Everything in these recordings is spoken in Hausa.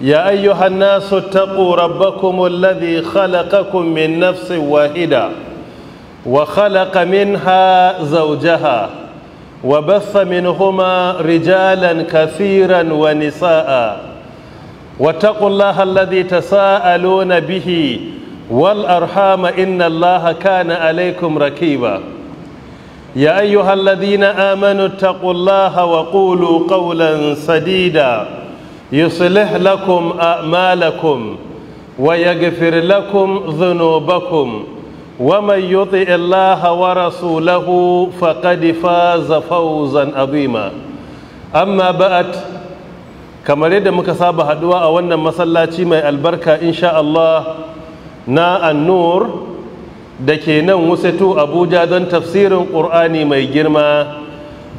يا أيها الناس اتقوا ربكم الذي خلقكم من نفس واحدة وخلق منها زوجها وبث منهما رجالا كثيرا ونساء واتقوا الله الذي تساءلون به والأرحام إن الله كان عليكم ركيبا يا أيها الذين آمنوا اتقوا الله وقولوا قولا سديدا يصلح لكم أعمالكم ويغفر لكم ذنوبكم ومن يطع الله ورسوله فقد فاز فوزا عظيما أما بعد kamar yadda muka saba haɗuwa a wannan masallaci mai albarka insha na annur da ke nan wusatu abuja don tafsirin ƙur'ani mai girma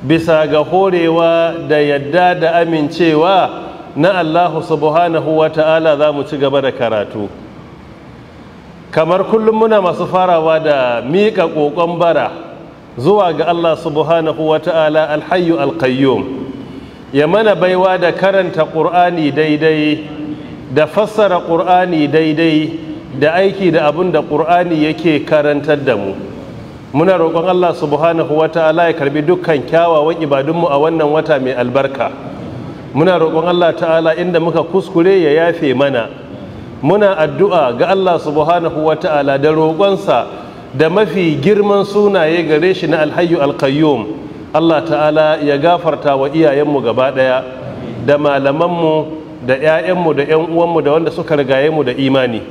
bisa ga horewa da yadda da amincewa na Allahu subhanahu wa ta'ala za mu ci gaba da karatu kamar kullum muna masu farawa da miƙa ƙoƙon bara zuwa ga Allah subhanahu wa ta'ala alhayyu alkayyum ya mana baiwa da karanta ƙur'ani daidai da fassara ƙur'ani daidai da aiki da abin da ƙur'ani yake karantar da mu muna roƙon Allah subhanahu wa ta'ala ya karbi dukkan kyawawan ibadunmu a wannan wata mai albarka muna roƙon Allah ta'ala inda muka kuskure ya yafe mana muna addu'a ga Allah subhanahu wa ta'ala da roƙonsa da mafi girman sunaye gare shi na alhayu alkayyum Allah ta'ala ya gafarta wa iyayenmu gaba ɗaya da malamanmu da 'ya'yanmu da 'yan uwanmu da wanda suka rigaye mu da imani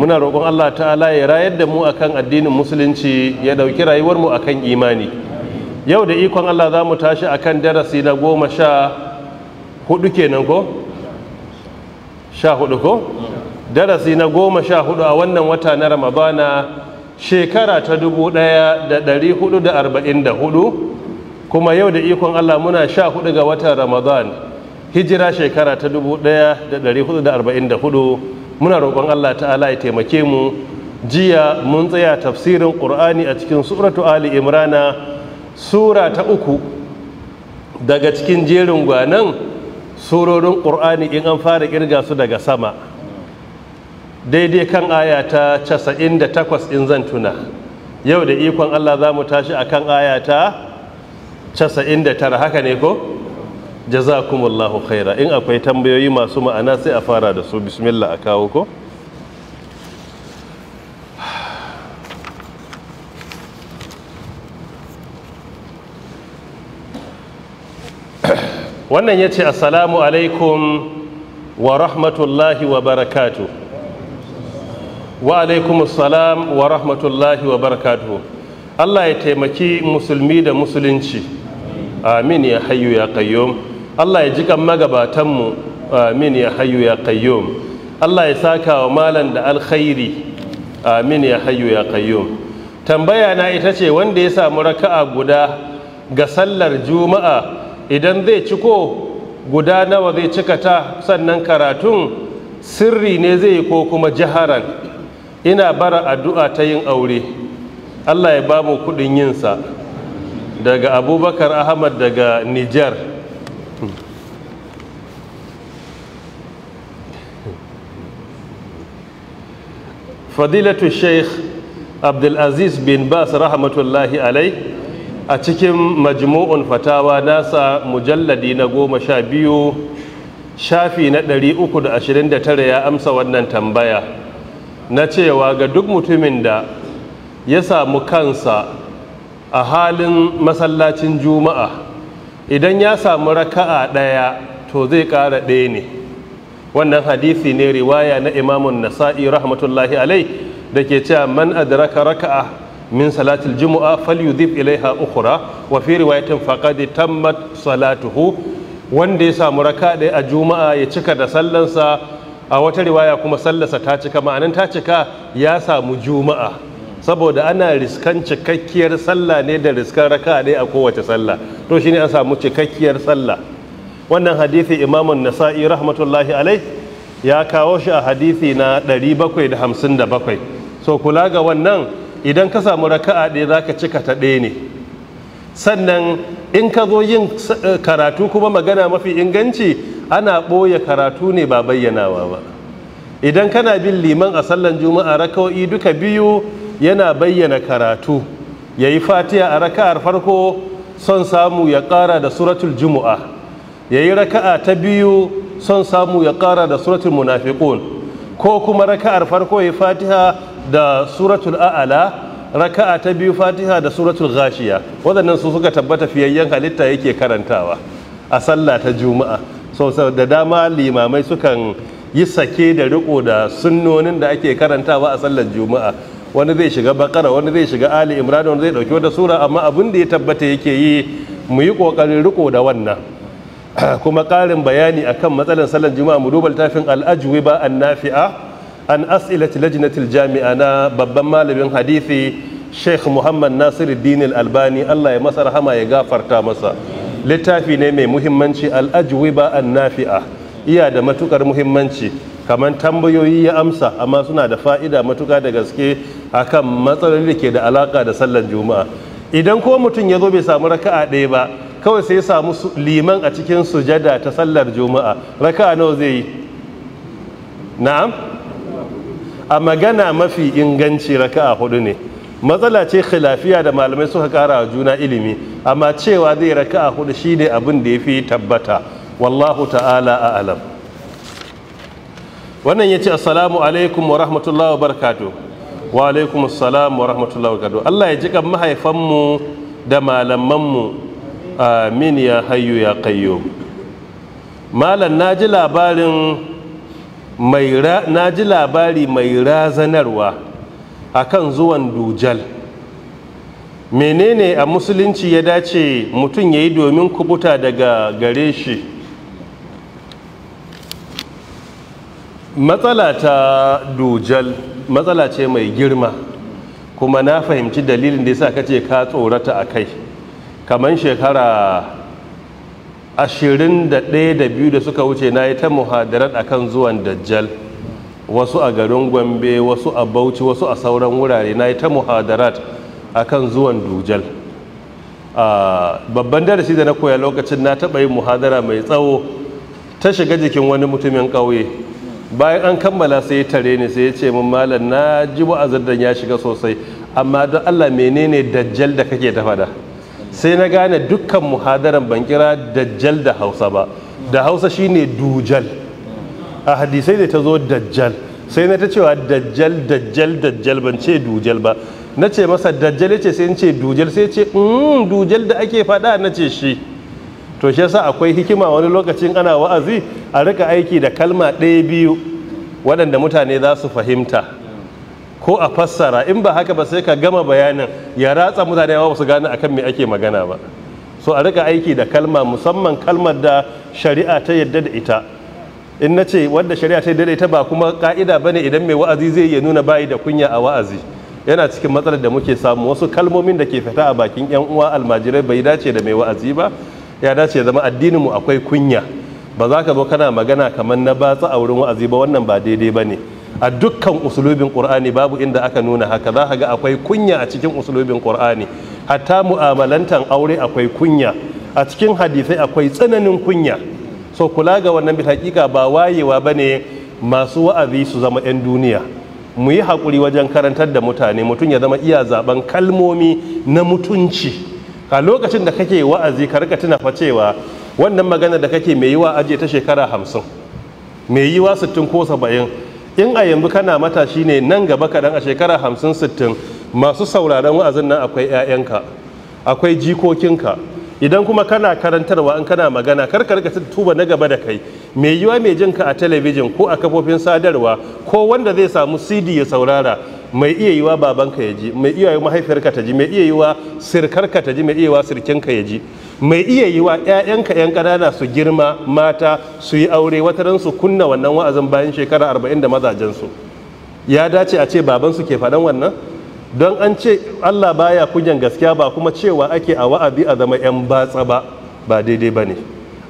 muna roƙon Allah ta'ala ya rayar da mu akan addinin musulunci ya ɗauki rayuwarmu akan imani yau da ikon Allah za mu tashi kan darasi na goma sha hudu kenan ko sha hudu ko darasi na goma sha hudu a wannan wata na ramadana shekara ta dubu daya da dari hudu da arba'in da hudu kuma yau da ikon allah muna sha hudu ga watan ramadan hijira shekara ta dubu daya da dari hudu da arba'in da hudu muna roƙon allah ta'ala ya taimake mu jiya mun tsaya tafsirin ƙur'ani a cikin suratu ali imrana sura ta uku daga cikin jerin gwanan surorin ƙur'ani in an fara ƙirga su daga sama daidai kan aya ta 98 in zan tuna yau da ikon Allah za mu tashi a kan aya ta 99 haka ne ko jazakumullahu khaira in akwai tambayoyi masu ma'ana sai a fara da su bismillah a kawo ko wannan ya ce assalamu alaikum wa rahmatullahi wa barakatu wa alaikum assalam wa rahmatullahi wa barakatu Allah ya taimaki musulmi da musulunci amin ya hayu ya qayyum Allah ya jikan magabatanmu amin ya hayu ya qayyum Allah ya saka wa malan da alkhairi amin ya hayu ya qayyum tambaya na ita ce wanda ya samu raka'a guda ga sallar juma'a idan zai ciko guda nawa zai cika ta sannan karatun sirri ne zai yi ko kuma jiharan ina bara addu'a ta yin aure Allah ya ba mu kudin yinsa daga abubakar ahmad daga nijar fadilatu sheikh abdulaziz bin bas rahmatullahi alai a cikin majmu'un fatawa nasa mujalladi na goma sha biyu shafi na ɗari uku da ashirin da tara ya amsa wannan tambaya na cewa ga duk mutumin da ya samu kansa a halin masallacin juma'a idan ya samu raka'a ɗaya to zai ƙara ɗaya ne wannan hadisi ne riwaya na imamun nasa'i rahmatullahi alai da ke cewa man adraka raka'a min salatil jumu'a falyudhib ilaiha ukhra wa fi riwayatin faqad tammat salatuhu wanda ya samu raka ɗaya a juma'a ya cika da sallansa a wata riwaya kuma sallarsa ta cika ma'anin ta cika ya samu juma'a saboda ana riskan cikakkiyar sallah ne da riskan raka ɗaya a kowace sallah to shine an samu cikakkiyar sallah wannan hadithi imamun nasa'i rahmatullahi alai ya kawo shi a hadithi na 757 so kula ga wannan idan ka samu raka'a ɗaya za ka cika ta ɗaya ne sannan in ka zo yin eh, karatu kuma magana mafi inganci ana ɓoye karatu ne ba bayyanawa ba idan kana bin liman a sallan juma'a raka'o'i duka biyu yana bayyana karatu ya yi fatiha a raka'ar farko son samu ya ƙara da suratul juma'a ya yi raka'a ta biyu son samu ya ƙara da suratul munafiqun ko kuma raka'ar farko ya yi fatiha da suratul a'ala raka'a ta biyu fatiha da suratul ghashiya waɗannan su suka tabbata fiyayyen halitta yake karantawa a sallah ta juma'a so da dama limamai sukan yi sake da riko da sunnonin da ake karantawa a sallar juma'a wani zai shiga bakara wani zai shiga ali imran wani zai dauki wata sura amma abin da ya tabbata yake yi mu yi kokarin riko da wannan kuma karin bayani akan matsalar sallar juma'a mu duba littafin al-ajwiba an-nafi'a an lajina til jami'a na babban malamin hadithi Sheikh Muhammad nasiru dinil albani Allah ya masa rahama ya gafarta masa littafi ne mai muhimmanci al ba an-nafi'a iya da matukar muhimmanci kamar tambayoyi ya amsa amma suna da fa'ida matuka da gaske a kan matsaloli da ke da alaka da sallar juma'a idan ko mutum ya zo bai samu raka'a ɗaya ba kawai sai ya samu liman a cikin sujada ta sallar juma'a raka'a nawa zai yi na'am a magana mafi inganci raka'a hudu ne matsala ce khilafiya da malamai suka kara wa juna ilimi amma cewa zai raka'a hudu shi ne abin da ya fi tabbata wallahu ta'ala a alam wannan ya ce assalamu alaikum wa rahmatullahi wa barakatu wa alaikum assalamu wa rahmatullahi wa barakatu Allah ya jikan mahaifanmu da malamanmu amin ya hayyu ya qayyum malam na ji labarin na ji labari mai razanarwa a kan zuwan dujal menene a musulunci ya dace mutum ya yi domin kubuta daga gare shi matsala ta dujal matsala ce mai girma kuma na fahimci dalilin da ya sa kace ka tsorata a kai kamar shekara ashirin da ɗaya da biyu da suka wuce na yi ta muhadarar akan zuwan dajjal wasu a garin gombe wasu a bauchi wasu a sauran wurare na yi ta muhadarat akan zuwan dujal babban darasi da na koya lokacin na taɓa yin muhadara mai tsawo ta shiga jikin wani mutumin ƙauye bayan an kammala sai ya tare ni sai ya ce min malam na ji wa'azin ya shiga sosai amma don allah menene dajjal da kake ta fada sai na gane dukkan muhadaran ban kira dajjal da hausa ba da hausa shine dujal a hadisai da ta zo dajjal sai na ta cewa dajjal dajjal dajjal ban ce dujal ba na ce masa dajjal ya ce sai ce dujal sai ce mm dujal da ake faɗa na ce shi to shi yasa akwai hikima wani lokacin ana wa'azi a rika aiki da kalma ɗaya biyu waɗanda mutane za su fahimta ko a fassara in ba haka ba sai ka gama bayanin ya ratsa mutane ba su gane akan me ake magana ba so a rika aiki da kalma musamman kalmar da shari'a ta yadda da ita in na ce wadda shari'a ta yadda da ita ba kuma ka'ida bane idan mai wa'azi zai ya nuna bayi da kunya a wa'azi yana cikin matsalar da muke samu wasu kalmomin da ke fita a bakin yan uwa almajirai bai dace da mai wa'azi ba ya dace ya zama addinin mu akwai kunya ba za ka zo kana magana kamar na batsa a wurin wa'azi ba wannan ba daidai ba ne a dukkan usulubin qur'ani babu inda aka nuna haka za ka ga akwai kunya a cikin usulubin qur'ani hatta mu'amalantan aure akwai kunya a cikin hadisai akwai tsananin kunya so kula ga wannan bisa hakika ba wayewa ba ne masu wa'azi su zama 'yan duniya mu yi haƙuri wajen karantar da mutane mutum ya zama iya zaben kalmomi na mutunci a lokacin da kake wa'azi ka rika tuna facewa, wannan magana da kake mai yiwa ajiye ta shekara hamsin mai yiwa sittin ko saba'in in a yanzu kana matashi ne nan gaba kaɗan a shekara hamsin sittin masu sauraron wa'azin nan akwai 'ya'yanka akwai jikokinka idan kuma kana karantarwa in kana magana karka rika tuba na gaba da kai mai yiwa mai jinka a talabijin ko a kafofin sadarwa ko wanda zai samu cd ya saurara mai iya yiwa babanka ya ji mai iya yiwa mahaifiyarka ta ji mai iya yiwa sirkarka ta ji mai iya yiwa sirkinka ya ji mai iya yiwa ƴaƴanka ƴan ƙanana su girma mata su yi aure wataran su kunna wannan wa'azin bayan shekara arba'in da mazajensu. ya dace a ce baban ke faɗan wannan don an ce Allah baya kunyan gaskiya ba kuma cewa ake a wa'azi a zama 'yan batsa ba ba daidai ba ne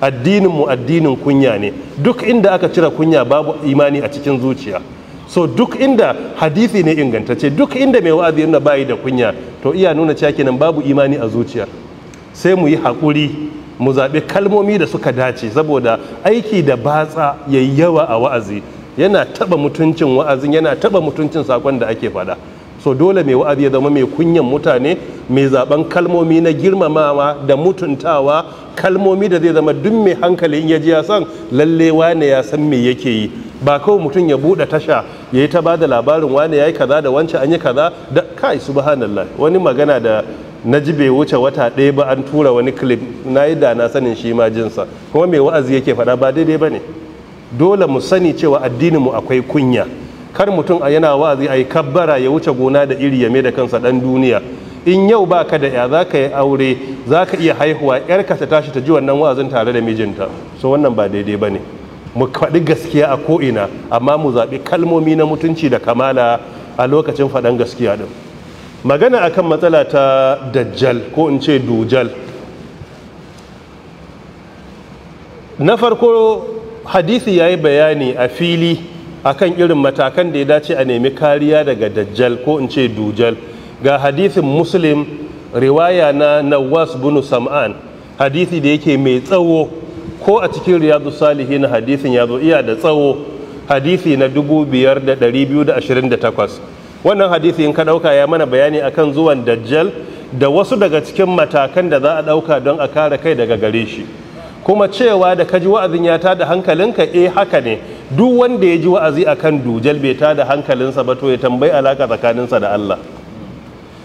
addinin mu addinin kunya ne duk inda aka cire kunya babu imani a cikin zuciya so duk inda hadithi ne ingantacce duk inda mai wa'azi yana bayi da kunya to iya nuna cewa kenan babu imani a zuciya sai mu yi hakuri mu zaɓi kalmomi da suka dace saboda aiki da batsa yayi yawa a wa'azi yana taɓa mutuncin wa'azin yana taɓa mutuncin sakon da ake faɗa so dole mai wa'azi ya zama mai kunyan mutane mai zaben kalmomi na girmamawa da mutuntawa kalmomi da zai zama duk mai hankali in ya ji ya san lalle ne ya san me yake yi ba kawai mutum ya buɗe tasha ya yi ta ba da labarin wani ya yi kaza da wancan an yi kaza da kai su wani magana da na ji bai wuce wata ɗaya ba an tura wani clip na yi da na sanin shi ma jinsa kuma mai wa'azi yake faɗa ba daidai ba ne dole mu sani cewa addinin mu akwai kunya kar mutum a yana wa'azi a yi kabbara ya wuce gona da iri ya mai da kansa ɗan duniya in yau ba ka da ya za ka yi aure za ka iya haihuwa 'yarka ta tashi ta ji wannan wa'azin tare da mijinta so wannan ba daidai ba ne mu faɗi gaskiya a ko'ina amma mu zaɓi kalmomi na mutunci da kamala a lokacin faɗan gaskiya ɗin magana akan matsala ta dajjal ko in ce dujjal, na farko hadisi ya yi bayani a fili akan irin matakan da ya dace a nemi kariya daga dajjal ko in ce dujjal, ga hadisin muslim riwaya na nawas bunu sam'an hadisi da yake mai tsawo ko a cikin riyadu salihin hadisin ya zo iya da tsawo hadisi na 5228 wannan hadisi in ka ɗauka ya mana bayani akan zuwan dajjal da wasu daga cikin matakan da za a ɗauka don a kare kai daga gare shi kuma cewa da ka ji wa'azin ya da hankalinka eh haka ne duk wanda ya ji wa'azi a akan dujal bai ta da hankalinsa ba to ya tambayi alaka tsakaninsa da Allah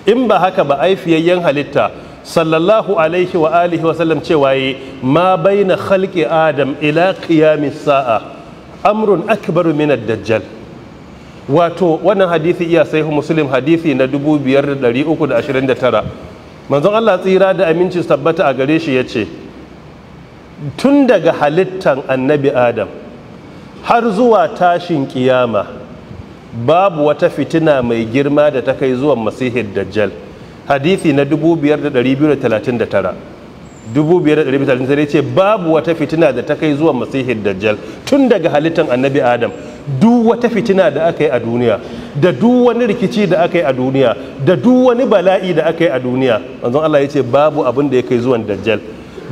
in ba haka ba ai fiyayyen halitta sallallahu alaihi wa alihi wa sallam cewa yi ma baina khalqi adam ila qiyamis sa'a amrun akbaru min ad-dajjal wato wannan hadisi iya sai muslim hadisi na 5329 manzon Allah tsira da aminci tabbata a gare shi yace tun daga halittan annabi adam har zuwa tashin kiyama babu wata fitina mai girma da ta kai zuwan masihid dajjal hadisi na 5239 5239 ce babu wata fitina da ta kai zuwa masihin dajjal tun daga halittar annabi adam duk wata fitina da aka yi a duniya da duk wani rikici da aka yi a duniya da duk wani bala'i da aka yi a duniya manzon Allah ya ce babu abin da ya kai zuwan dajjal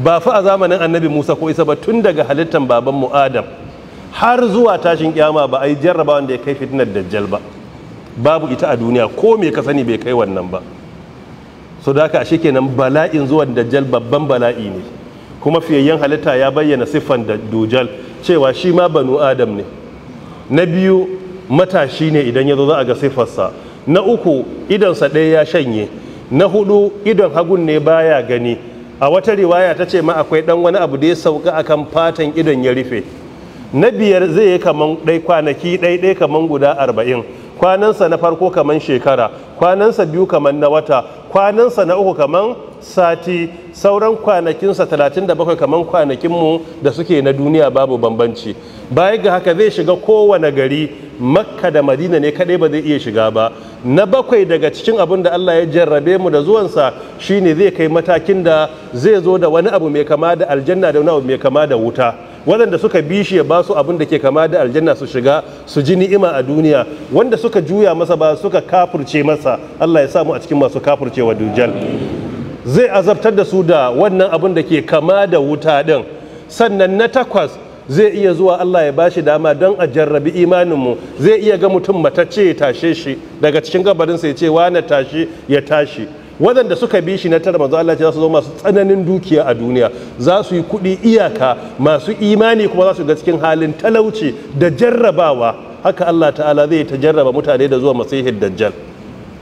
ba fa a zamanin annabi Musa ko Isa ba tun daga halittar babanmu Adam har zuwa tashin kiyama ba a yi jarraba da ya kai fitinar dajjal ba babu ita a duniya ko me ka sani bai kai wannan ba so da haka ashe kenan bala'in zuwan dajjal babban bala'i ne kuma fiyayyen halitta ya bayyana siffan da dujal cewa shi ma banu adam ne na biyu matashi ne idan ya zo za a ga siffarsa na uku idonsa ɗaya ya shanye na hudu idon hagun ne baya gani a wata riwaya ta ce ma akwai dan wani abu da ya sauka akan fatan idon ya rufe na biyar zai yi kaman ɗai kwanaki ɗai ɗai kaman guda arba'in kwanansa na farko kaman shekara kwanansa biyu kaman na wata kwanansa na uku kaman sati sauran kwanakinsa 37 kaman kwanakinmu da suke na duniya babu bambanci baya ga haka zai shiga kowane gari makka da madina ne kadai ba zai iya shiga ba na bakwai daga cikin abin da allah ya jarrabe mu da zuwansa shine zai kai matakin da zai zo da wani abu mai kama da aljanna da wani abu mai kama da wuta waɗanda suka bi shi ya ba su abin da ke kama da aljanna su shiga su ji ni'ima a duniya wanda suka juya masa ba suka kafurce masa Allah ya samu a cikin masu kafurcewa dujal zai azabtar da su da wannan abin da ke kama da wuta din sannan na takwas zai iya zuwa Allah ya bashi dama don a jarrabi imaninmu zai iya ga mutum matacce ya tashe shi daga cikin gabarinsa ya ce wane tashi ya tashi waɗanda suka bi shi na tara manzo Allah za su zo masu tsananin dukiya a duniya za su yi kuɗi iyaka masu imani kuma za su ga cikin halin talauci da jarrabawa haka Allah ta'ala zai ta jarraba mutane da zuwa masihin dajjal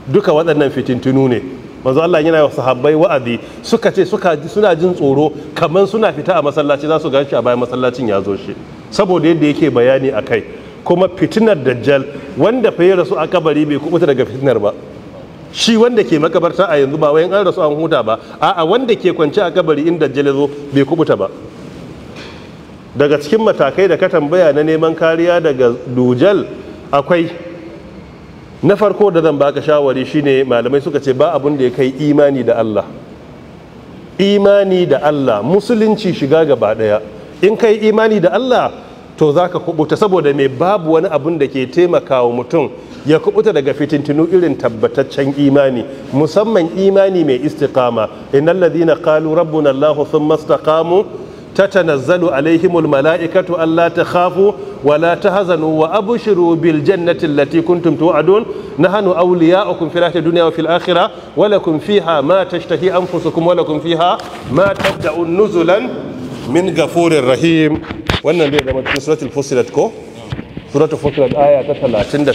duka waɗannan fitintunu ne manzo Allah yana wa sahabbai wa'azi suka ce suka suna jin tsoro kamar suna fita a masallaci za su gan a bayan masallacin ya zo shi saboda yadda yake bayani a kai kuma fitinar dajjal wanda fa ya rasu a kabari bai kubuta daga fitinar ba shi wanda ke makabarta a yanzu ba wayan an rasu an huta ba a'a wanda ke kwance a kabari inda dajjal zo bai kubuta ba daga cikin matakai da ka tambaya na neman kariya daga dujal akwai na farko da zan baka shawari shine malamai suka ce ba abun da ya kai imani da Allah imani da Allah musulunci shiga gaba daya in kai imani da Allah to za ka kubuta saboda mai babu wani abun da ke taimakawa mutum ya kubuta daga fitintinu irin tabbataccen imani musamman imani mai istiqama innal ladhina qalu rabbuna allah thumma istaqamu tatanazzalu alaihimul mala'ikatu alla takhafu wa la tahzanu wa abshiru bil jannati allati kuntum tu'adun nahnu awliya'ukum fil hayati dunya wa fil akhirah wa lakum fiha ma tashtahi anfusukum wa lakum fiha ma tabda'un nuzulan min ghafurir rahim wannan zai zama cikin suratul fusilat ko suratul fusilat aya ta 30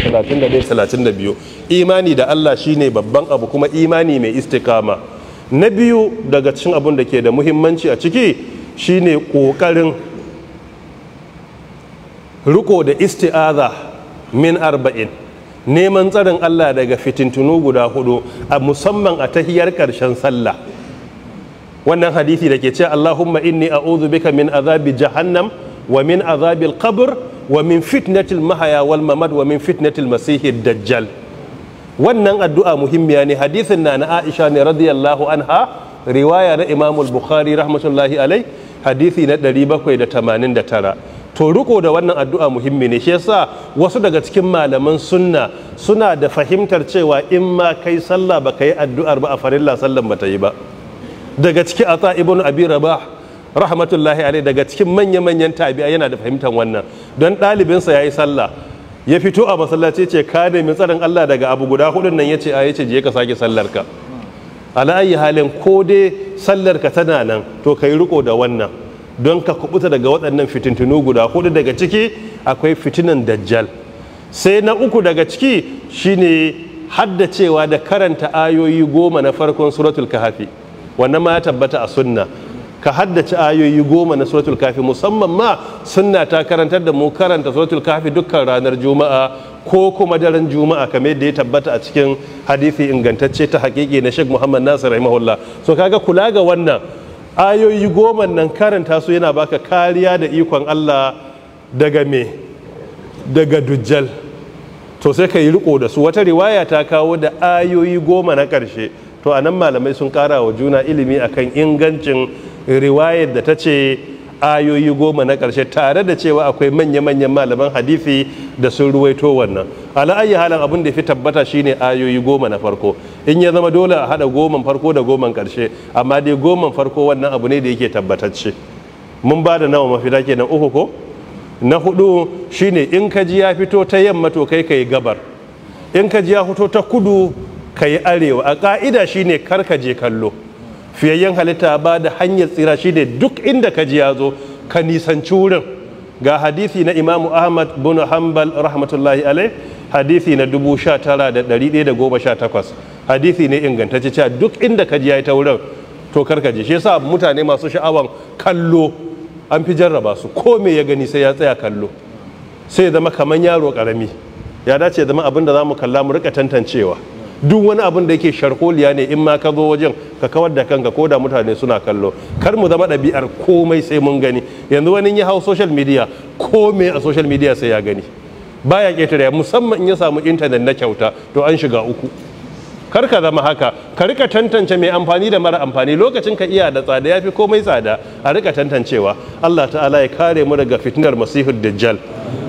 31 32 imani da Allah shine babban abu kuma imani mai istikama na biyu daga cikin abun da ke da muhimmanci a ciki shine kokarin riko da isti'aza min arba'in neman tsarin Allah daga fitintunu guda hudu a musamman a tahiyar karshen sallah wannan hadisi da ke ce Allahumma inni a'udhu bika min azabi jahannam wa min azabil qabr wa min fitnatil mahaya wal wa min dajjal wannan addu'a muhimmiya ne hadisin na na Aisha ne radiyallahu anha riwaya na Imam al-Bukhari rahmatullahi alai hadisi na 789 to riko da wannan addu'a muhimmi ne shi yasa wasu daga cikin malaman sunna suna da fahimtar cewa in ma kai sallah ba ka yi addu'ar ba a farilla sallan ba ta yi ba daga ciki a ibn abi rabah rahmatullahi alai daga cikin manya-manyan tabi'a yana da fahimtar wannan don ɗalibinsa ya yi sallah ya fito a masallaci ce ka nemi tsarin Allah daga abu guda hudun nan ce a yace je ka sake sallar ka ala halin ko dai sallar ka tana nan to ka yi riko da wannan don ka kubuta daga waɗannan fitintunu guda hudu daga ciki akwai fitinan dajjal sai na uku daga ciki shine haddacewa da karanta ayoyi goma na farkon suratul kahafi wannan ma ya tabbata a sunna ka haddace ayoyi goma na suratul kafi musamman ma suna ta karantar da mu karanta suratul kafi dukkan ranar juma'a ko kuma daren juma'a kamar yadda ya tabbata a cikin hadisi ingantacce ta hakiki na sheikh muhammad nasir rahimahullah so kaga kula ga wannan ayoyi goma nan karanta su yana baka kariya da ikon allah daga me daga dujjal to sai ka yi riko da su wata riwaya ta kawo da ayoyi goma na karshe to a nan malamai sun kara wa juna ilimi akan ingancin riwayar da ta ce ayoyi goma na ƙarshe tare da cewa akwai manya-manyan malaman hadisi da sun ruwaito wannan ala'ayi halin abin da fi tabbata shine ayoyi goma na farko in ya zama dole a haɗa goman farko da goman ƙarshe amma dai goman farko wannan abu ne da yake tabbatacce mun ba da nawa dake na uku ko na hudu shine in ka ji ya fito ta yamma to kai ka yi gabar in ka ji ya fito ta kudu ka yi arewa a ka'ida shine kar ka je kallo fiyayyen halitta ba da hanyar tsira shi da duk inda ka ji ya zo ka nisanci wurin ga hadisi na imamu ahmad bin hanbal rahmatullahi alai hadisi na 19,118 hadisi ne ingantacce cewa duk inda ka ji ya yi ta wurin to karka ji shi yasa mutane masu sha'awan kallo an fi jarraba su ko me ya gani sai ya tsaya kallo sai zama kamar yaro karami ya dace zama abin da za mu kalla mu rika tantancewa duk wani abin da yake sharholiya ne in ma ka zo wajen ka kawar da kanka ko da mutane suna kallo kar mu zama ɗabi'ar komai sai mun gani yanzu wani ya hau social media komai a social media sai ya gani baya ƙetare musamman in ya samu intanet na kyauta to an shiga uku kar ka zama haka ka rika tantance mai amfani da mara amfani lokacin ka iya da tsada ya fi komai tsada a rika tantancewa Allah ta'ala ya kare mu daga fitinar masihud dajjal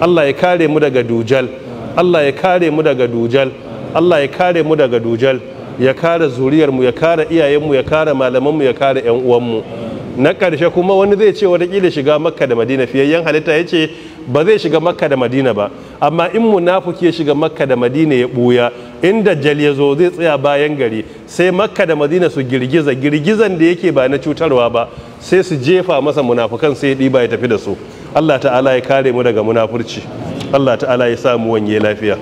Allah ya kare mu daga dujal Allah ya kare mu daga dujal Allah ya kare mu daga dujal ya kare zuriyarmu ya kare iyayenmu ya kare malamanmu ya kare 'yan uwanmu na ƙarshe kuma wani zai ce watakila shiga makka da madina fiyayyen halitta ya ce ba zai shiga makka da madina ba amma in munafuki ya shiga makka da madina ya ɓuya in dajjal ya zo zai tsaya bayan gari sai makka da madina su girgiza girgizan da yake ba na cutarwa ba sai su jefa masa munafukan sai ya ɗiba ya tafi da su allah ta'ala ya kare mu daga munafurci allah ta'ala ya samu wanye lafiya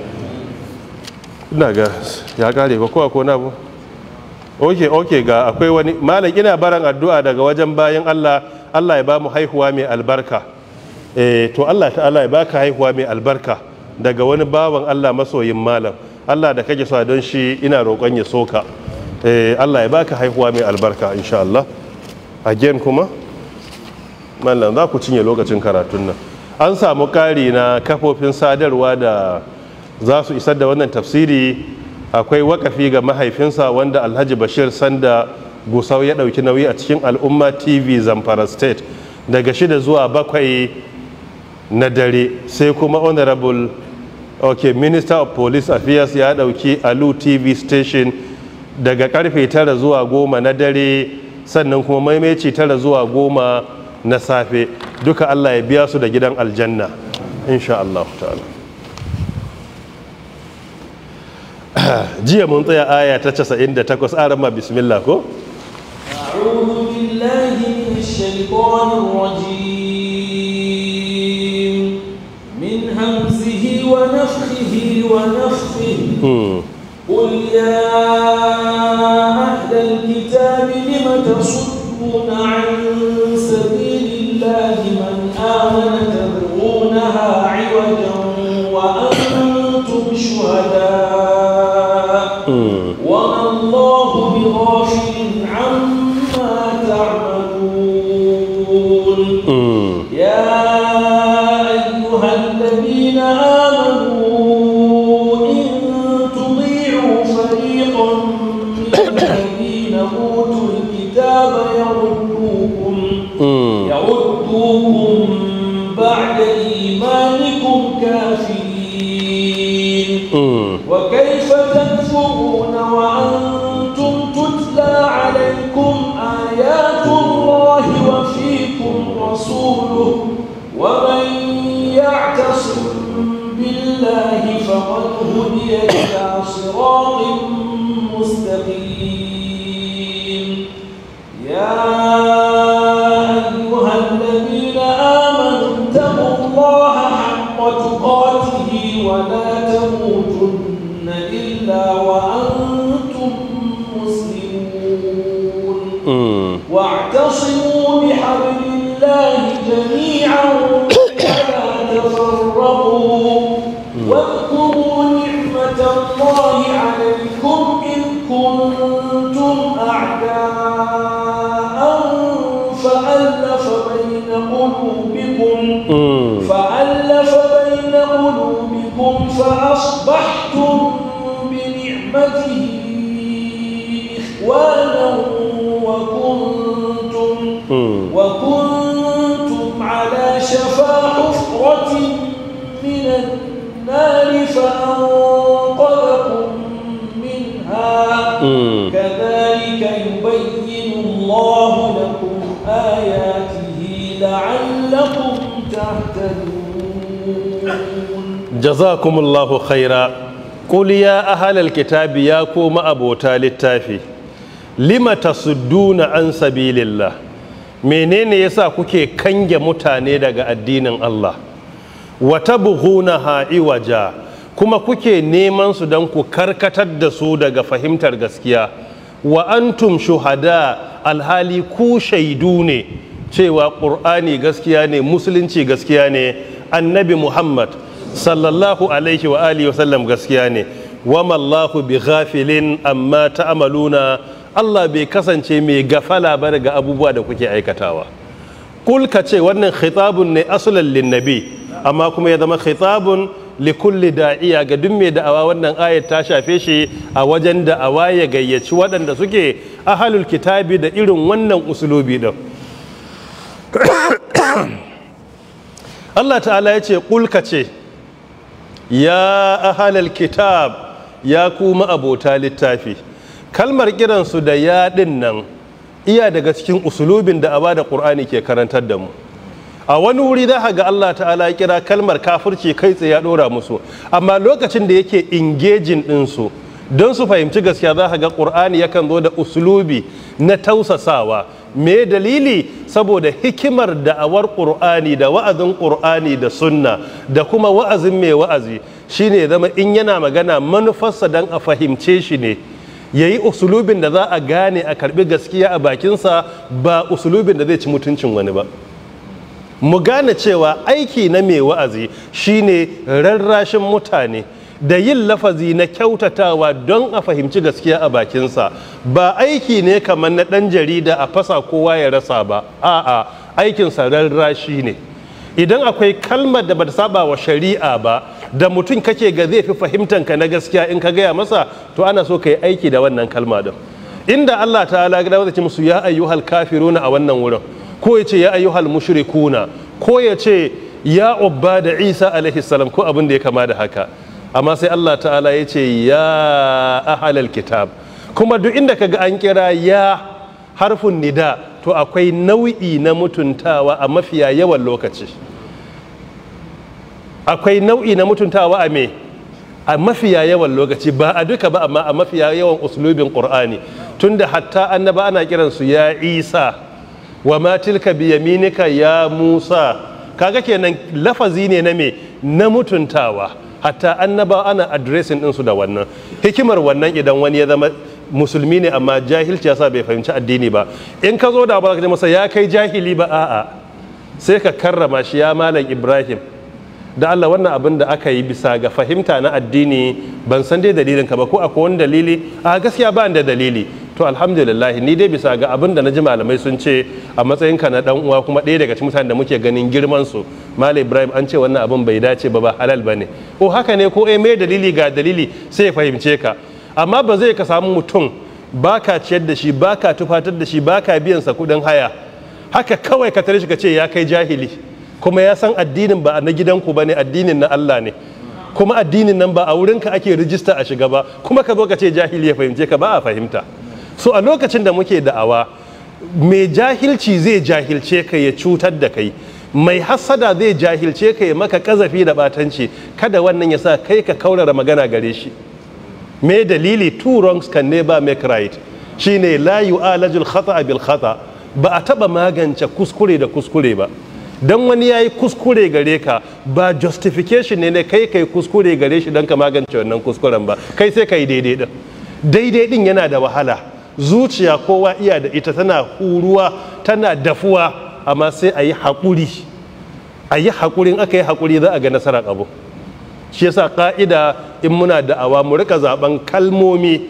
ina ga ya kare ba ko na bu oke oke ga akwai wani malam ina baran addu'a daga wajen bayan Allah Allah ya ba mu haihuwa mai albarka eh to Allah ta allah ya baka haihuwa mai albarka daga wani bawan Allah masoyin malam Allah da kake sa don shi ina roƙon ya soka eh Allah ya baka haihuwa mai albarka insha Allah again kuma malam za ku cinye lokacin karatun nan an samu ƙari na kafofin sadarwa da za su isar da wannan tafsiri akwai wakafi ga mahaifinsa wanda alhaji bashir sanda gusau ya ɗauki nauyi a cikin al'umma tv zamfara state daga shida zuwa bakwai na dare sai kuma honorable ok minister of police affairs ya ɗauki alu tv station daga karfe tara zuwa goma na dare sannan kuma maimaici tara zuwa goma na safe duka allah ya biya su da gidan aljanna insha allah ta'ala jiya mun tsaya aya ta 98 a ramma bismillah ko a'udhu billahi minash shaitanir rajim min hamzihi wa nafthihi wa nafthihi قل يا أهل الكتاب لم تصدون عن سبيل الله من آمن تبغونها عوجا وأنتم شهداء 嗯。منكم فأصبحتم بنعمته إخوانا وكنتم وكنتم على شفا حفرة من النار فأنقذكم منها كذلك يبين الله لكم آياته لعلكم تهتدون jazakumullahu khaira qul ya ahlal kitabi ya ko ma'abota littafi lima tasudduna an sabilillah menene yasa kuke kange mutane daga addinin Allah wa tabghunaha iwaja kuma kuke neman su don ku karkatar da su daga fahimtar gaskiya wa antum shuhada alhali ku shaidu ne cewa ƙur'ani gaskiya ne musulunci gaskiya ne annabi muhammad sallallahu alaihi wa alihi wa sallam gaskiya ne wa mallahu bi ghafilin amma ta'maluna Allah bai kasance mai gafala ba daga abubuwa da kuke aikatawa kul ka ce wannan khitabun ne asulan linnabi amma kuma ya zama khitabun li kulli da'iya ga duk mai da'awa wannan ayat ta shafe shi a wajen da'awa ya gayyaci waɗanda suke ahalul kitabi da irin wannan usulubi din Allah ta'ala ya ce kul ka ce ya ahalal kitab ya kuma abota littafi kalmar kiransu da ya din nan iya daga cikin usulubin da da qur'ani ke karantar da mu a wani wuri za ga Allah ta'ala ya kira kalmar kafirci kai tsaye ya dora musu amma lokacin da yake ingejin ɗinsu don su fahimci gaskiya za ga ƙur'ani yakan zo da usulubi na tausasawa me dalili saboda hikimar da'awar ƙur'ani da wa'azin ƙur'ani da sunna da kuma wa'azin mai wa'azi shine zama in yana magana manufarsa don a fahimce shi ne ya yi usulubin da za a gane a karbi gaskiya a bakinsa ba usulubin da zai ci mutuncin wani ba mu gane cewa aiki na mai wa'azi shine rarrashin mutane da yin lafazi na kyautatawa don a fahimci gaskiya a bakinsa ba aiki ne kamar na ɗan jarida a fasa kowa ya rasa ba a'a aikin sararra rarrashi ne idan akwai kalmar da bata saba wa shari'a ba da mutum kake ga zai fi ka na gaskiya in ka gaya masa to ana so ka yi aiki da wannan kalma din inda Allah ta'ala ga dawo ce musu ya ayyuhal kafiruna a wannan wurin ko ya ce ya ayyuhal mushrikuna ko ya ce ya ubba da Isa alaihi salam ko abin da ya kama da haka amma sai Allah ta'ala ya ce ya ahalal kitab kuma duk inda kaga an kira ya harfin nida to akwai nau'i na mutuntawa a mafiya yawan lokaci akwai nau'i na mutuntawa a me a mafiya yawan lokaci ba a duka ba amma a mafiya yawan uslubin qur'ani tunda hatta annaba ana kiransu ya isa wa ma tilka bi yaminika ya musa kaga kenan lafazi ne na me na mutuntawa hatta annaba ana addressing ɗinsu da wannan hikimar wannan idan wani ya zama musulmi ne amma jahilci yasa bai fahimci addini ba in ka zo da ba ka masa ya kai jahili ba a'a sai ka karrama shi ya malam ibrahim da Allah wannan abin da aka yi bisa ga fahimta na addini ban san dai dalilin ka ba ko akwai wani dalili a gaskiya ba da dalili to alhamdulillah ni dai bisa ga abin da na ji malamai sun ce a matsayin ka na dan uwa kuma ɗaya daga cikin mutanen da muke ganin girman su malam ibrahim an ce wannan abin bai dace ba ba halal bane ko haka ne ko eh mai dalili ga dalili sai ya fahimce ka amma ba zai ka samu mutum baka ciyar da shi baka tufatar da shi baka biyan sa kuɗin haya haka kawai ka tare shi ka ce ya kai jahili kuma ya san addinin ba na gidan gidanku bane addinin na Allah ne kuma addinin nan ba a wurinka ake rijista a shiga ba kuma ka zo ka ce jahili ya fahimce ka ba a fahimta so a lokacin da muke da'awa mai jahilci zai jahilce ka ya cutar da kai mai hassada zai jahilce ka ya maka kazafi da batanci kada wannan ya sa kai ka kaurara magana gare shi me dalili two wrongs can never make right shine la yu'alajul khata bil khata ba a taba magance kuskure da kuskure ba dan wani yayi kuskure gare ka ba justification ne ne kai kai kuskure gare shi don ka magance wannan kuskuren ba kai sai kai daidai din daidai din yana da wahala zuciya kowa iya da ita tana huruwa tana dafuwa amma sai a yi haƙuri a yi haƙuri aka yi haƙuri za a ga nasara abu shi yasa ƙa'ida in muna da'awa mu rika zaben kalmomi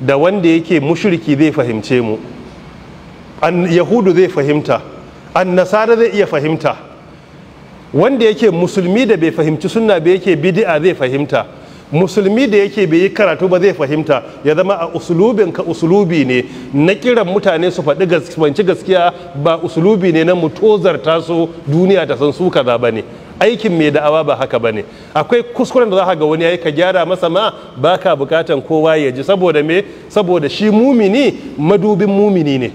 da wanda yake mushriki zai fahimce mu an yahudu zai fahimta an nasara zai iya fahimta wanda yake musulmi da bai fahimci sunna bai yake bidi'a zai fahimta musulmi da yake bai yi karatu ba zai fahimta ya zama a usulubin ka usulubi ne na kiran mutane su faɗi gaskiya gaskiya ba usulubi ne na mu taso duniya ta san su kaza ba ne aikin mai da'awa ba haka ba ne akwai kuskuren da za ga wani yayi ka gyara masa ma ba ka bukatan kowa ya ji saboda me saboda shi mumini madubin mumini ne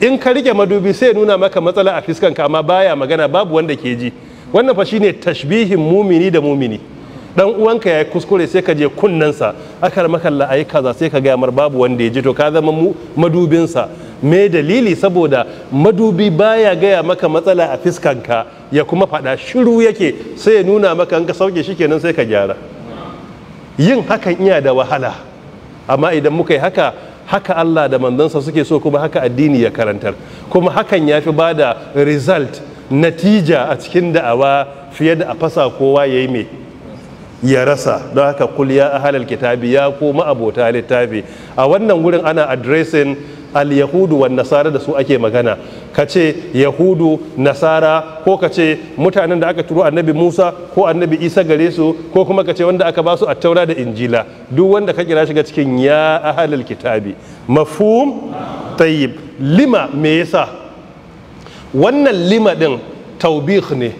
in ka rike madubi sai nuna maka matsala a fiskanka amma baya magana babu wanda ke ji wannan fa shine tashbihin mumini da mumini dan uwanka ya yi kuskure sai ka je kunnensa akar makalla ayi kaza sai ka gaya mar babu wanda ya ji to ka zama mu madubinsa me dalili saboda madubi baya gaya maka matsala a fiskan ka ya kuma faɗa shiru yake sai ya nuna maka an ka sauke shi kenan sai ka gyara yin hakan iya da wahala amma idan muka yi haka haka Allah da manzansa suke so kuma haka addini ya karantar kuma hakan ya fi bada result natija a cikin da'awa fiye da a fasa kowa ya yi mai ya rasa don haka kul ya ahalal kitabi ya koma abota littafi a wannan wurin ana addressing al-yahudu wa nasara da su ake magana ka ce yahudu nasara ko ka ce mutanen da aka turo annabi musa ko annabi isa gare su ko kuma ka ce wanda aka ba su a taura da injila duk wanda ka kira shiga cikin ya ahalal kitabi mafhum tayyib lima me yasa wannan lima din taubih ne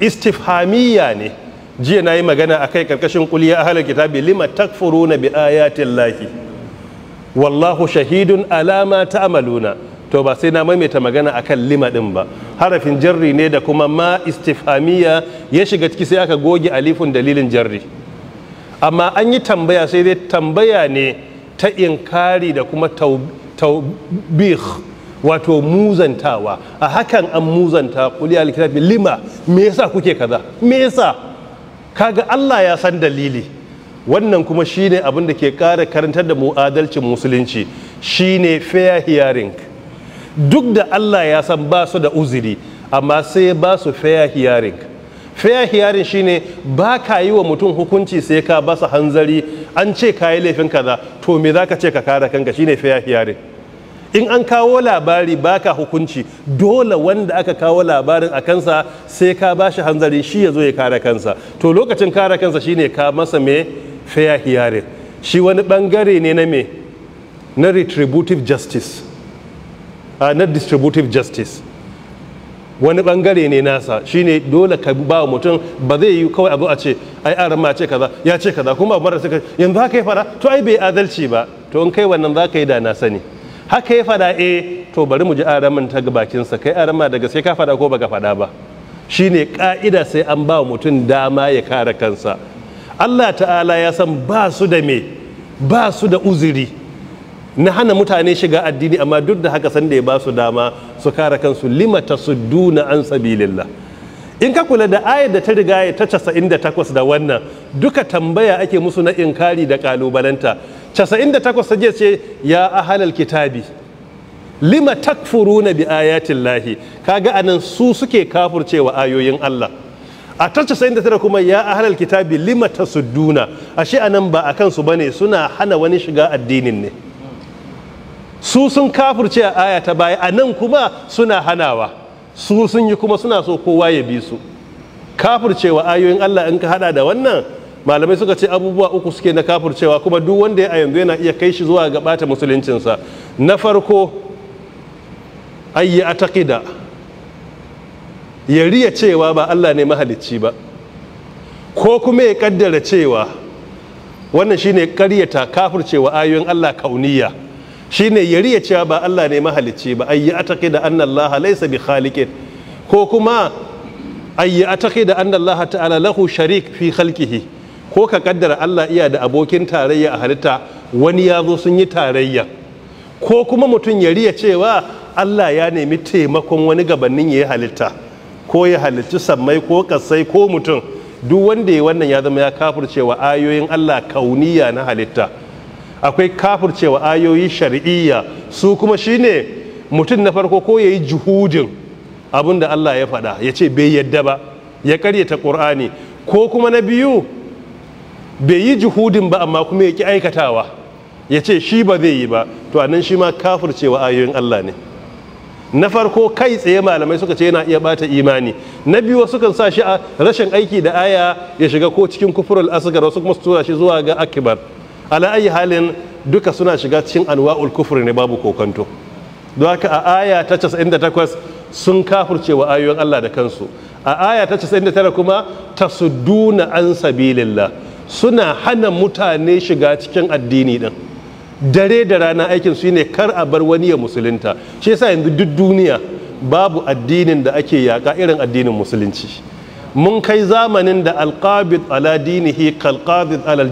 istifhamiyya ne jiya na yi magana a kai ƙarƙashin ƙuliya a halar kitabi lima takfuru na bi ayatin laki wallahu shahidun alama ta amaluna to ba sai na maimaita magana a kan lima ɗin ba harafin jarri ne da kuma ma istifamiya ya shiga ciki sai aka goge alifin dalilin jarri amma an yi tambaya sai dai tambaya ne ta inkari da kuma taubih wato muzantawa a hakan an muzanta kuliya alkitabi lima me yasa kuke kaza me yasa kaga Allah ya san dalili wannan kuma shine abin da ke kara karantar da mu adalcin musulunci shine fair hearing duk da Allah ya san ba su da uzuri amma sai ba su fair hearing fair hearing shine ba ka yi wa mutum hukunci sai ka basa hanzari an ce ka yi laifin kaza to me zaka ce ka kara kanka shine fair hearing in an kawo labari baka hukunci dole wanda aka kawo labarin a kansa sai ka bashi hanzari shi ya zo ya kare kansa to lokacin kare kansa shine ka masa me fair hearing shi wani bangare ne na me na retributive justice a ah, na distributive justice wani bangare ne nasa shine dole ka ba mutum ba zai yi kawai abu a ce ai aran ma ce kaza ya ce kaza kuma abu mara suka yanzu haka ya fara to ai bai adalci ba to in kai wannan za ka yi da na sani haka ya fada eh to bari mu ji araman ta ga bakinsa kai arama daga sai ka fada ko baka faɗa ba shine ka'ida sai an ba mutum dama ya kare kansa Allah ta'ala ya san ba su da me ba su da uzuri na hana mutane shiga addini amma duk da haka sanda ya ba su dama su kare kansu lima tasudduna an sabilillah in ka kula da ayar da ta riga ta 98 da wannan duka tambaya ake musu na inkari da kalubalanta Casa'in da takwas ta ce ya ahalal kitabi lima takfuruna bi ayatin lahi kaga anan su suke kafurcewa ayoyin Allah a ta da tara kuma ya ahalal kitabi lima ta sudduna. ashe anan ba a kansu bane suna hana wani shiga addinin ne su sun kafurce a aya ta baya anan kuma suna hanawa su sun yi kuma suna so kowa ya bi su kafurcewa ayoyin Allah in ka hada da wannan malamai suka ce abubuwa uku suke na kafircewa kuma duk wanda ya a yanzu yana iya kai shi zuwa ga bata musuluncinsa na farko ayyi a taƙida ya riya cewa ba allah ne mahalicci ba ko kuma ya kaddara cewa wannan shine karyata kafircewa ayoyin allah kauniya shine ya riya cewa ba allah ne mahalicci ba ayyi a taƙida an allah bi khaliqin ko kuma ayyi a taƙida an allah ta'ala lahu sharik fi khalqihi ko ka kaddara Allah iya da abokin tarayya a halitta wani ya zo sun yi tarayya ko kuma mutum ya riya cewa Allah ya nemi taimakon wani gabanin ya yi halitta ko ya halicci sammai ko kasai ko mutum duk wanda ya wannan ya zama ya wa ayoyin Allah kauniya na halitta akwai kafurcewa ayoyi shari'iyya su kuma shine mutum na farko ko ya yi juhudin abin da Allah ya faɗa ya ce bai yadda ba ya karyata ƙur'ani ko kuma na biyu bai yi juhudin ba amma kuma ya ki aikatawa ya ce shi ba zai yi ba to anan shi ma kafircewa ayoyin Allah ne na farko kai tsaye malamai suka ce yana iya bata imani na biyu wasu kan sa shi a rashin aiki da aya ya shiga ko cikin kufurul asgar wasu kuma su tura shi zuwa ga akbar ala ayi halin duka suna shiga cikin anwa'ul kufur ne babu kokanto don haka a aya ta 98 sun kafurce wa ayoyin Allah da kansu a aya ta 99 kuma tasudduna an sabilillah suna hana mutane shiga cikin addini din dare da rana aikin su ne kar a bar wani ya musulunta shi yasa yanzu duk duniya babu addinin da ake yaƙa irin addinin musulunci mun kai zamanin da alqabid ala dinihi kalqabid ala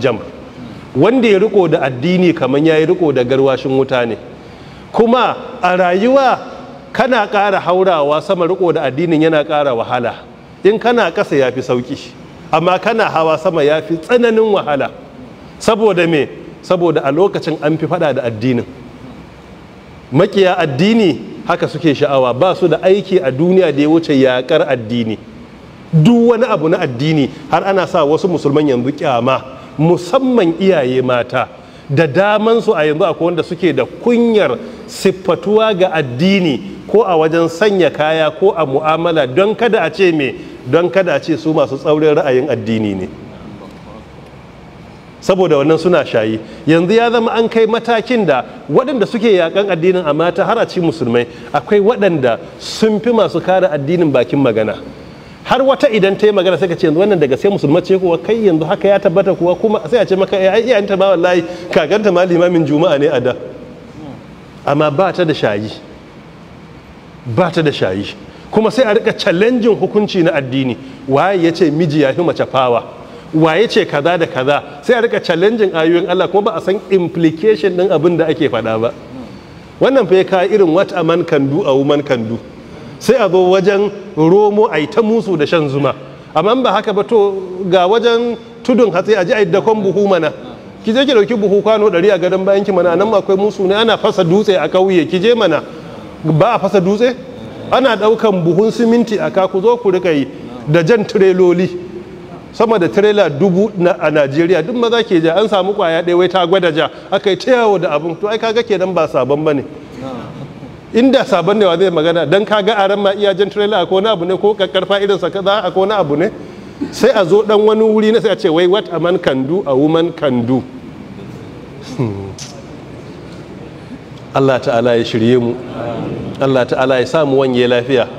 wanda ya riko da addini kamar yi riko da garwashin wuta ne kuma a rayuwa kana ƙara haurawa sama riko da addinin yana ƙara wahala in kana ƙasa fi sauƙi amma kana hawa sama ya fi tsananin wahala saboda me saboda a lokacin an fi fada da addinin makiya addini haka suke sha'awa ba su da aiki a duniya da ya wuce yaƙar addini duk wani abu na addini har ana sa wasu musulman yanzu kyama musamman iyaye mata da damansu a yanzu akwai wanda suke da kunyar siffatuwa ga addini ko a wajen sanya kaya ko a mu'amala don kada a ce me don kada a ce su masu tsaurin ra'ayin addini ne saboda wannan suna shayi yanzu ya zama an kai matakin da waɗanda suke yakan addinin a mata har a ci musulmai akwai waɗanda sun fi masu kare addinin bakin magana har wata idan ta yi magana sai ka ce wannan daga sai musulma ce kuwa kai yanzu haka ya tabbata kuwa kuma sai a ce maka eh, ai iyayenta ba wallahi kaganta ma limamin juma'a ne a da amma ba ta da shayi ba ta da shayi kuma sai a rika challenging hukunci na addini waye ya ce miji ya fi mace fawa waye ce kaza da kaza sai a rika challenging ayoyin Allah kuma ba a san implication din abin da ake fada ba wannan fa ya kawo irin what a man can do a woman can do sai a zo wajen romo a ta musu da shan zuma amma ba haka ba to ga wajen tudun hatsi a ji a yi dakon buhu mana ki je ki dauki buhu kwano ɗari a gadon bayan ki mana nan akwai musu ne ana fasa dutse a kauye ki je mana ba a fasa dutse ana daukan buhun siminti a kaku zo ku rika yi da jan tireloli sama da tirela dubu na a najeriya duk maza ke ja an samu kwaya ɗaya wai ta gwada ja aka yi tayawo da abin to ai kaga kenan ba sabon bane inda sabon ne wa zai magana dan kaga ran ma iya jan tirela a na abu ne ko kakkarfa irin sa kaza a na abu ne sai a zo dan wani wuri na sai a ce wai what a man can do a woman can do hmm. Allah ta'ala ya shirye mu Allah ta'ala ya samu wanye lafiya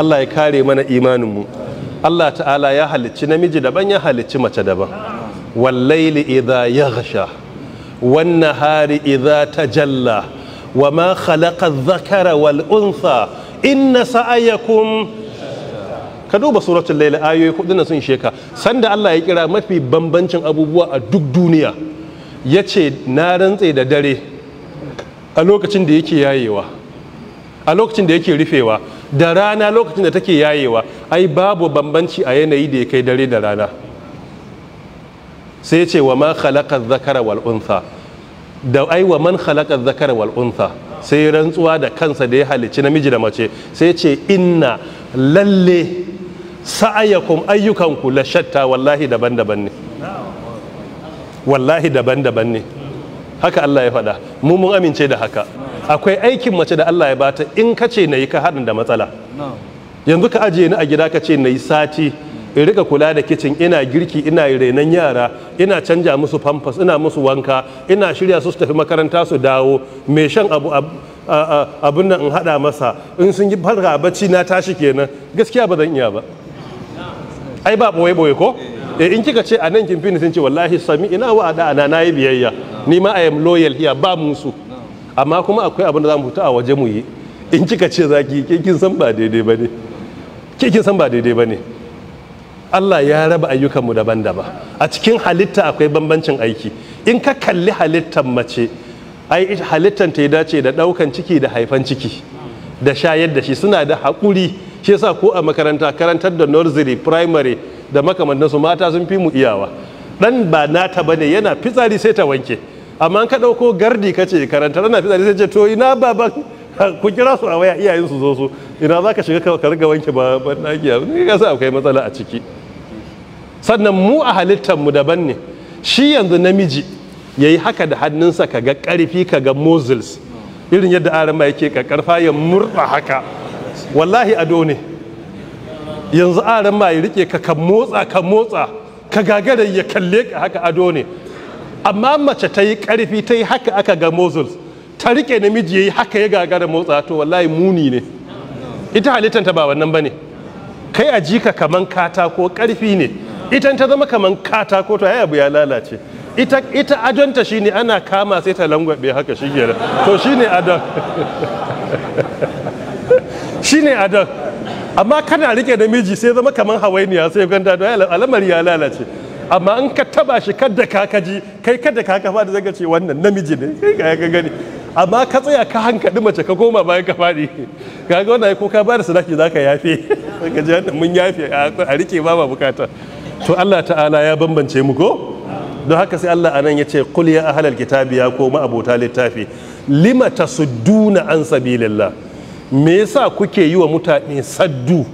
Allah ya kare mana imanin mu Allah ta'ala ya halicci namiji daban ya halicci mace daban wallaili idha yaghsha Wannan hari idha tajalla wama khalaqa zakara dhakara wal untha inna sa'ayakum ka duba suratul layl ayoyi na sun sheka sanda Allah ya kira mafi bambancin abubuwa a duk duniya yace na rantse da dare a lokacin da yake yayewa a lokacin da yake rufewa da rana lokacin da take yayewa ai babu bambanci a yanayi da ya kai dare da rana sai ce wa ma khalaqa zakara wal da ai wa man khalaqa zakara wal sai rantsuwa da kansa da ya halicci namiji da mace sai ce inna lalle sa'ayakum ayyukanku la shatta wallahi daban-daban ne wallahi daban-daban ne haka Allah ya faɗa mu mun amince da haka akwai aikin mace da Allah ya bata in ka ce yi ka haɗin da matsala yanzu ka ajiye ni a gida ka ce na yi sati in rika kula da kicin ina girki ina renon yara ina canja musu famfas ina musu wanka ina shirya su su tafi makaranta su dawo mai shan abu abun nan in haɗa masa in sun yi farka bacci na tashi kenan gaskiya ba zan iya ba ai ba boye boye ko eh, in kika ce a nan kin fi sun ce wallahi sami ina wa'ada ana nayi biyayya ni ma a yi loyal here ba musu amma kuma akwai abin da za mu fita a waje mu yi in kika ce za Ki kin san ba daidai ba ne kin san ba daidai ba ne. Allah ya raba ayyukanmu daban-daban a cikin halitta akwai bambancin aiki in ka kalli halittar mace ai halittar ta ya dace da daukan ciki da haifan ciki da shayar da shi suna da hakuri shi yasa ko a makaranta karantar da nursery primary da makamantansu mata sun fi mu iyawa dan ba nata bane yana fitsari sai ta wanke amma ka ɗauko gardi ka ce karanta rana fitsari sai ce to ina baban ku kira su a waya iyayen su zo su ina za ka shiga ka riga wanke ba ban ka sa akwai matsala a ciki sannan mu a halittar mu daban ne shi yanzu namiji ya yi haka da hannunsa ka ga ƙarfi ka ga mozils irin yadda arama yake karfa ya murɗa haka wallahi ado ne yanzu arama ya rike ka ka motsa ka motsa ka gagarar ya kalle ka haka ado ne amma mace ta yi ƙarfi ta yi haka aka ga mozul ta rike namiji ya yi haka ya gagara motsa to wallahi muni ne ita halittanta ba wannan ba ne kai a jika kaman katako ƙarfi ne ita ta zama kaman katako to ai abu ya lalace ita ita adonta shine ana kama sai ta langwabe haka shikenan to shine adon shine adon amma kana rike namiji sai zama kaman hawainiya sai ganda alamar ya lalace amma an ka taba shi kadda ka kaji kai kadda ka kafa da zaka ce wannan namiji ne kai ga ka gani amma ka tsaya ka hankali mace ka koma bayan ka fadi kaga wannan ko ka bada sadaki zaka yafe ka ji wannan mun yafe a rike ba ba bukata to Allah ta'ala ya bambance mu ko don haka sai Allah anan ya ce qul ya ahlal kitabi ya ko abota littafi lima tasudduna an sabilillah me yasa kuke yi wa mutane saddu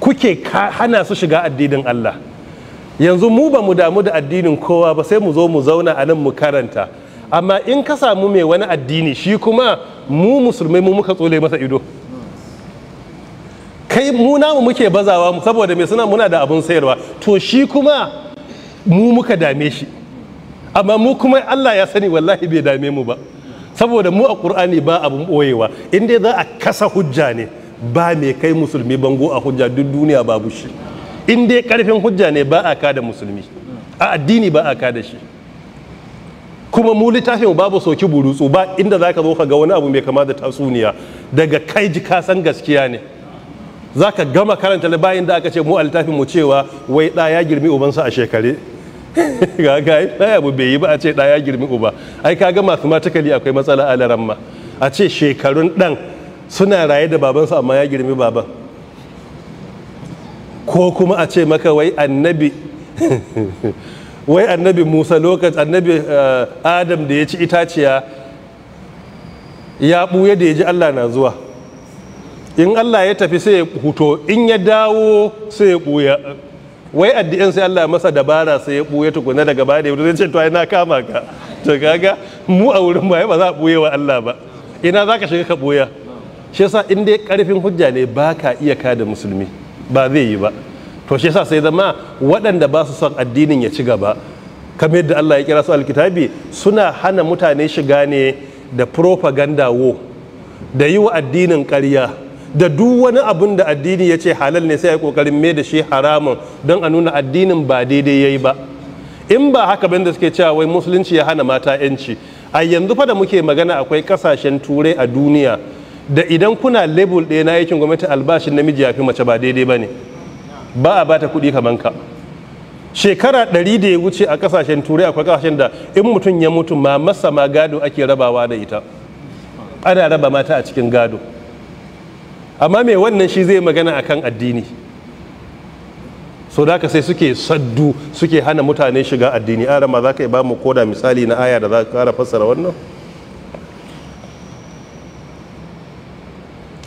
kuke hana su shiga addinin Allah yanzu mu ba mu damu da addinin kowa ba sai mu zo mu zauna a nan mu karanta amma in ka samu mai wani addini shi kuma mu musulmai mu muka tsole masa ido kai mu namu muke bazawa mu saboda mai suna muna da abin sayarwa to shi kuma mu muka dame shi amma mu kuma Allah ya sani wallahi bai dame mu ba saboda mu a qur'ani ba abun boyewa in dai za a kasa hujja ne ba mai kai musulmi bango a hujja duk duniya babu shi in dai karfin hujja ne ba a kada musulmi a addini ba a kada shi kuma mu littafin babu soki burutsu ba inda za ka zo ka ga wani abu mai kama da tatsuniya daga kai ji kasan gaskiya ne za ka gama karanta bayan da aka ce mu a littafin mu cewa wai ɗa ya girmi ubansa a shekare ga gai ɗaya abu bai yi ba a ce ɗa ya girmi uba ai ka ga matakali akwai matsala a laramma a ce shekarun ɗan suna raye da babansa amma ya girmi baban ko kuma a ce maka wai annabi wai annabi musa lokacin annabi eh, adam da ya ci itaciya ya ɓuya da ya ji allah na zuwa in allah ya tafi sai ya huto in ya dawo sai ya ɓuya wai addi'in sai allah masa dabara sai ya ɓuya tukuna daga baya da ya ce to ai na kama ka to kaga mu a wurin baya ba za a ɓuye wa allah ba ina za ka shiga ka ɓuya shi yasa in dai karfin hujja ne ba ka iya kada musulmi ba zai yi ba to shi yasa sai zama waɗanda ba su son addinin ya ci gaba kamar yadda Allah ya kira su alkitabi suna hana mutane shiga ne da propaganda wo da yi wa addinin ƙarya da duk wani abun da addini ya ce halal ne sai ya kokarin mai da shi haramun don a nuna addinin ba daidai yayi ba in ba haka ban da suke cewa wai musulunci ya hana mata yanci a yanzu fa da muke magana akwai ƙasashen turai a duniya da idan kuna label ɗaya na aikin gwamnati albashin namiji ya fi mace ba daidai ba ne ba a bata kuɗi kamar ka shekara ɗari da ya wuce a ƙasashen turai akwai ƙasashen da in mutum ya mutu ma masa ma gado ake rabawa da ita ana raba mata a cikin gado amma mai wannan shi zai magana akan addini so da ka sai suke saddu suke hana mutane shiga addini arama za ka ba mu koda misali na aya da za ka kara fassara wannan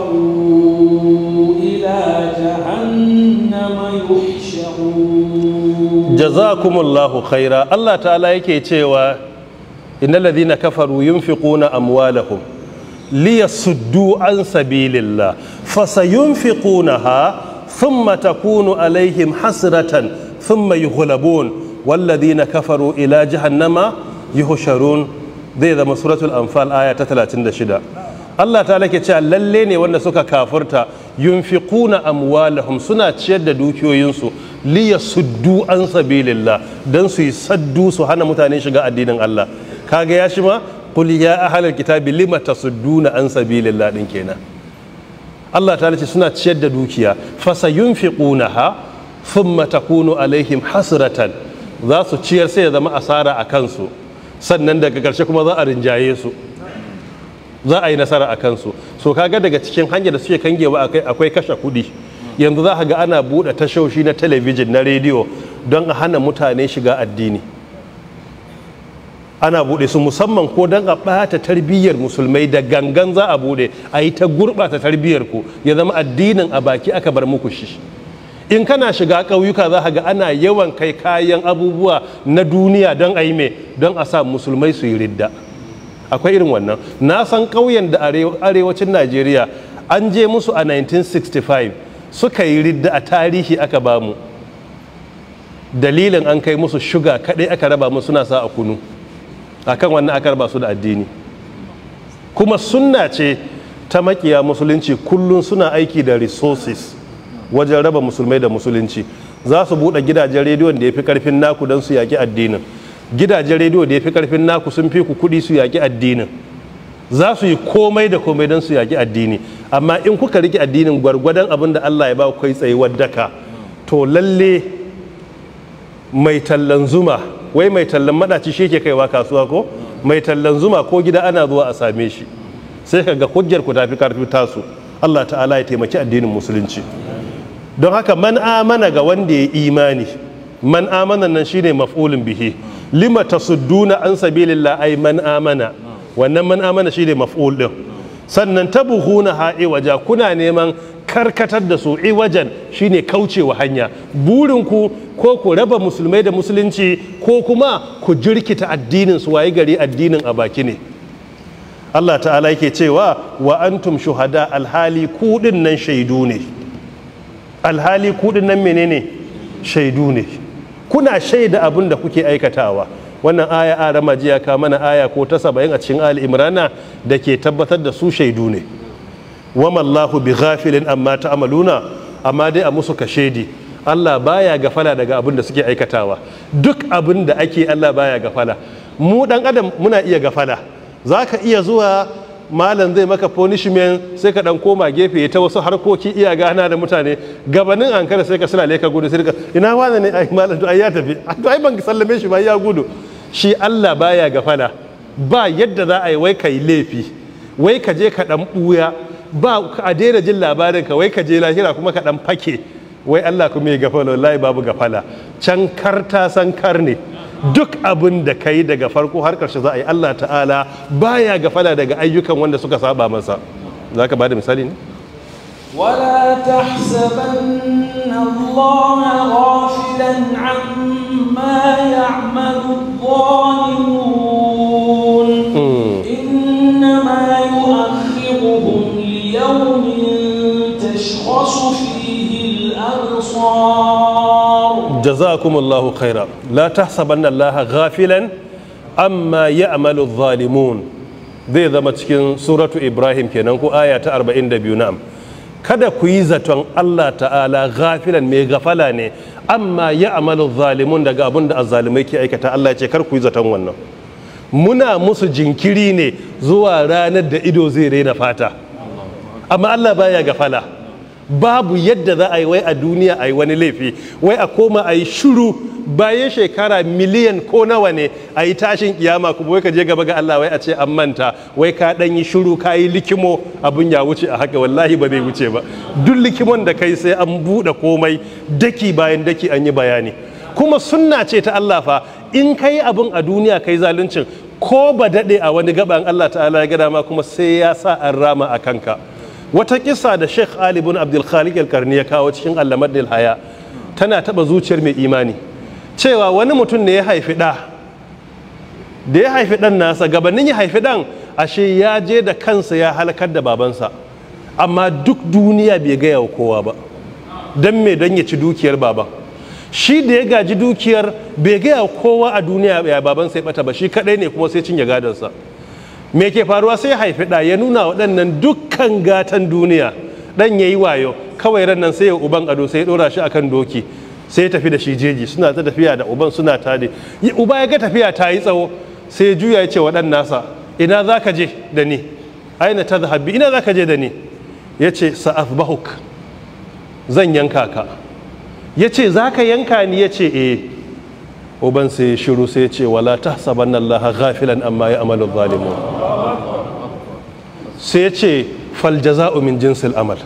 كفروا إلى جهنم يحشرون جزاكم الله خيرا الله تعالى يكي تشيوا إن الذين كفروا ينفقون أموالهم ليصدوا عن سبيل الله فسينفقونها ثم تكون عليهم حسرة ثم يغلبون والذين كفروا إلى جهنم يهشرون ذي ذا سورة الأنفال آية 36 Allah ta lake cewa lalle ne wanda suka kafurta yunfiquna amwalahum suna ciyar da dukiyoyinsu li yasuddu an sabilillah dan su yi saddu su hana mutane shiga addinin Allah kaga ya shi ma qul ya ahlal kitabi lima tasudduna an sabilillah din kenan Allah ta ce suna ciyar da dukiya fasayunfiqunaha thumma takunu alaihim hasratan za su ciyar sai ya zama asara a kansu sannan daga ƙarshe kuma za a rinjaye su za a yi nasara a kansu so kaga daga cikin hanyar da suke kangewa akwai kashe kuɗi yanzu za ka ga ana buɗe tashoshi na talabijin na rediyo don a hana mutane shiga addini ana buɗe su musamman ko don a ɓata tarbiyyar musulmai da gangan za a buɗe a yi ta gurɓata tarbiyyar ku ya zama addinin a baki aka bar muku shi in kana shiga ƙauyuka za ga ana yawan kai kayan abubuwa na duniya don a yi mai don a sa musulmai su yi ridda akwai irin wannan na san ƙauyen da arewacin najeriya an je musu a 1965 suka yi ridda a tarihi aka bamu dalilin an kai musu shuga kadai aka raba mu suna sa a kunu kan wannan aka raba su da addini kuma sunna ce ta makiya musulunci kullum suna aiki da resources wajen raba musulmai da musulunci za su buɗe gidajen rediyon da ya fi ƙarfin naku don su yaƙi addinin gidajen rediyo da ya fi karfin naku sun fi ku kuɗi su yaƙi addinin za su yi komai da komai don su yaƙi addini amma in kuka riƙe addinin gwargwadon abin da allah ya ba kai tsaye daka to lalle mai tallan zuma wai mai tallan maɗaci shi ke kaiwa kasuwa ko mai tallan zuma ko gida ana zuwa a same shi sai ka ga hujjar ku tafi karfi tasu allah ta'ala ya taimaki addinin musulunci don haka man amana ga wanda ya imani man amana nan shine maf'ulin bihi lima tasudduna an sabilillah ai man amana wannan man amana shine maf'ul din sannan tabuhuna ha'i waja kuna neman karkatar da su iwajen shine kaucewa hanya burin ku, ko ku raba musulmai da musulunci ko kuma ku jirkita addinin su waye gari addinin a baki ne Allah ta'ala yake cewa wa antum shuhada alhali ku nan shaidu ne alhali ku nan menene shaidu ne kuna shaida abin da kuke aikatawa wannan aya a jiya ka mana aya ko ta saba'in a cikin ali imrana da ke tabbatar da su shaidu ne wamallahu bi ghafilin amma ta'amaluna amma dai a musu ka shaidi Allah baya gafala daga abin da suke aikatawa duk abin da ake Allah baya gafala mu dan adam muna iya gafala zaka iya zuwa malam zai maka punishment sai ka dan koma gefe ta wasu harkoki iya gana da mutane gabanin ankara sai ka suna leka gudu sai ka ina wani ne ai malam to ai ya tafi to ai ban sallame shi ba ya gudu shi Allah baya gafala ba yadda za a yi wai kai laifi wai ka je ka dan buya ba a daina jin labarin ka wai ka je lahira kuma ka dan fake wai Allah kuma ya gafala wallahi babu gafala can kar ta san kar ne duk abin da kai daga farko har karshe za a yi Allah ta'ala baya gafala daga ayyukan wanda suka saba masa za ka bada misali ne ولا تحسبن الله غافلا عما يعمل الظالمون إنما يؤخرهم ليوم تشخص فيه الأبصار جزاكم الله خيرا لا تحسبن الله غافلا أما يعمل الظالمون zai zama cikin suratu ibrahim kenan ko aya ta 42 na'am kada ku yi zaton Allah ta'ala gafilan mai gafala ne amma ya amalu zalimun daga abin da azzalimai ke aikata Allah ce kar ku yi zaton wannan muna musu jinkiri ne zuwa ranar da ido zai raina fata amma Allah baya gafala babu yadda za a yi wai a duniya a yi wani laifi wai a koma a yi shuru bayan shekara miliyan ko nawa ne a yi tashin kiyama kuma wai ka je gaba ga Allah wai a ce an manta wai ka dan yi shuru ka yi likimo abun ya wuce a haka wallahi ba zai wuce ba duk likimon da kai sai an buɗe komai daki bayan daki an yi bayani kuma sunna ce ta Allah fa in kai abun a duniya kai zaluncin ko ba daɗe a wani gaban Allah ta'ala ya gada ma kuma sai ya sa an rama a kanka wata kisa da sheikh ali bin abdul al-karni ya kawo cikin allamar haya tana taba zuciyar mai imani cewa wani mutum ne ya haifi da da ya haifi ɗan nasa gabanin ya haifi dan ashe ya je da kansa ya halakar da babansa amma duk duniya bai gaya wa kowa ba don me don ya ci dukiyar baban shi da ya gaji dukiyar bai gaya wa kowa a duniya ya baban sai bata ba shi kadai ne kuma sai cinye gadonsa me ke faruwa sai haifi ɗa ya nuna waɗannan dukkan gatan duniya ɗan ya yi wayo kawai ran nan sai ya uban ado sai ya ɗora shi akan doki sai ya tafi da shi jeji suna ta tafiya da uban suna ne uba ya ga tafiya ta yi tsawo sai ya juya ya ce wa ɗan nasa ina za ka je da ni aina ta zahabi ina za ka je da ni ya ce sa'afbahuk zan yanka ka ya ce za ka yanka ni ya ce eh uban sai shiru sai ce wala ta saban allaha ghafilan amma amalu zalimun sai ce fal jaza'u min jinsil amal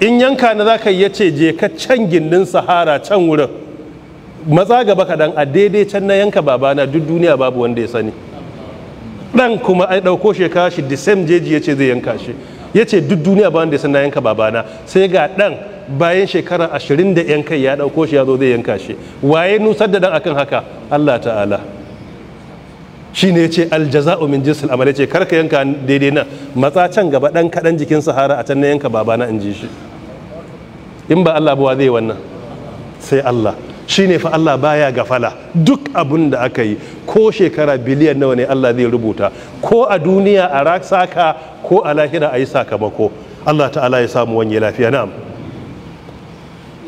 in yanka na zaka yi yace je ka can gindin sahara can wurin matsa gaba kaɗan a daidai can na yanka babana duk duniya babu wanda ya sani ɗan kuma ai ɗauko shekara shi disem jeji ya ce zai yanka shi ya ce duk duniya babu wanda ya sani na yanka babana sai ga ɗan bayan shekara ashirin da yan kai ya ɗauko shi ya zo zai yanka shi waye nusar da dan akan haka Allah ta'ala shi ne ce aljaza'u min jinsil amal ce karka yanka daidai nan matsa can gaba dan kaɗan jikin sahara a can na yanka babana in ji shi in ba Allah ba zai wannan sai Allah shi ne fa Allah baya ga fala. duk abin da aka yi ko shekara biliyan nawa ne Allah zai rubuta ko a duniya a saka ko a lahira a yi sakamako Allah ta'ala ya samu wani lafiya na'am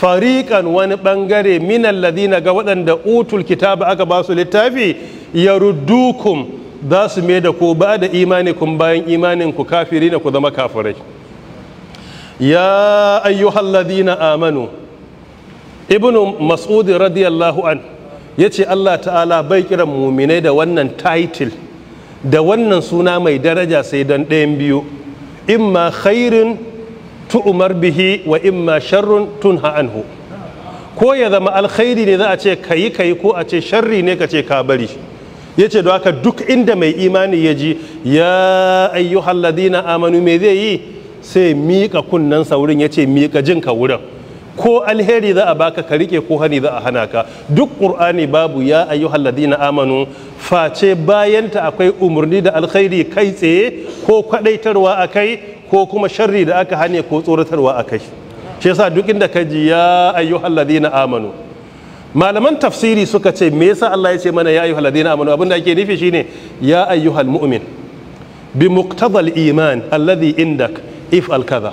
fariƙan wani ɓangare minan ladina ga waɗanda utul kitaba aka ba su littafi ya ruddukum za su mai da ku ba da imanikum bayan imaninku kafiri na ku zama kafirai ya ayyuhal ladina amanu ibnu mas'udi radiyallahu an ya ce allah ta'ala bai kiran muminai da wannan title da wannan suna mai daraja sai don ɗayan biyu imma khairin tu'umar bihi wa imma sharrun tunha anhu ko ya zama alkhairi ne za a ce kayi kayi ko a ce sharri ne ka ce ka bari ya ce haka duk inda mai imani ya ji ya ayyuhal ladina amanu me zai yi sai miƙa kunnen wurin ya ce miƙa jinka wurin ko alheri za a baka ka rike ko hani za a hana ka duk ƙur'ani babu ya ayyuhal ladina amanu face bayanta akwai umarni da alkhairi kai tsaye ko a kai. ko kuma sharri da aka hane ko tsoratarwa a kai shi yasa duk inda ka ji ya ayyuhal ladina amanu malaman tafsiri suka ce me yasa Allah ya ce mana ya ayyuhal ladina amanu abinda ake nufi shine ya ayyuhal mu'min bi muqtadal iman alladhi indak if alkaza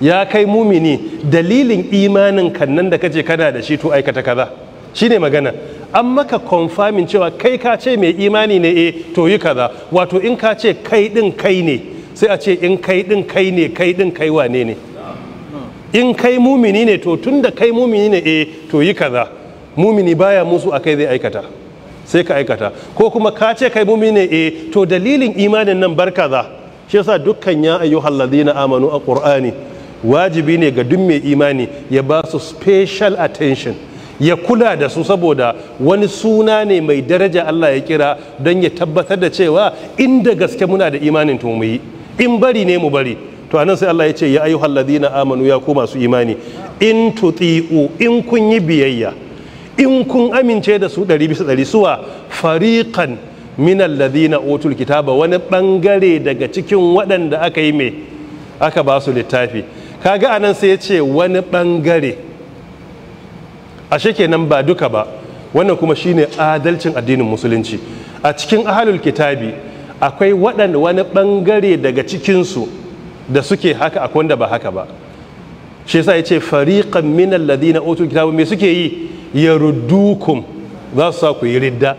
ya kai mumini dalilin imanin kan nan da kace kana da shi to aikata kaza shine magana an maka konfamin cewa kai ka ce mai imani ne eh to yi kaza wato in ka ce kai din kai ne sai a ce in kai din kai ne kai din kai wane ne in kai mumini ne to tun da kai mumini ne eh to yi kaza mumini baya musu akai zai aikata sai ka aikata ko kuma ka ce kai mumini ne eh to dalilin imanin nan bar kaza shi yasa dukkan ya ayu ladina amanu a Kur'ani. wajibi ne ga duk mai imani ya ba su special attention ya kula da su saboda wani suna ne mai daraja Allah ya kira don ya tabbatar da cewa inda gaske muna da imanin to mu yi in bari ne mu bari to anan sai Allah ya ce ya ayyuhal ladina amanu ya ku masu imani in tuti'u in kun yi biyayya in kun amince da su ɗari bisa ɗari suwa fariqan min alladhina utul kitaba wani bangare daga cikin waɗanda aka yi mai aka ba su littafi kaga anan sai ya ce wani bangare ashe kenan ba duka ba wannan kuma shine adalcin addinin musulunci a cikin ahlul kitabi akwai waɗanda wani ɓangare daga cikinsu da suke haka akwai wanda ba haka ba shi yasa ya ce fariƙan min na otu kitabu me suke yi yaruddukum za su sa ku yi ridda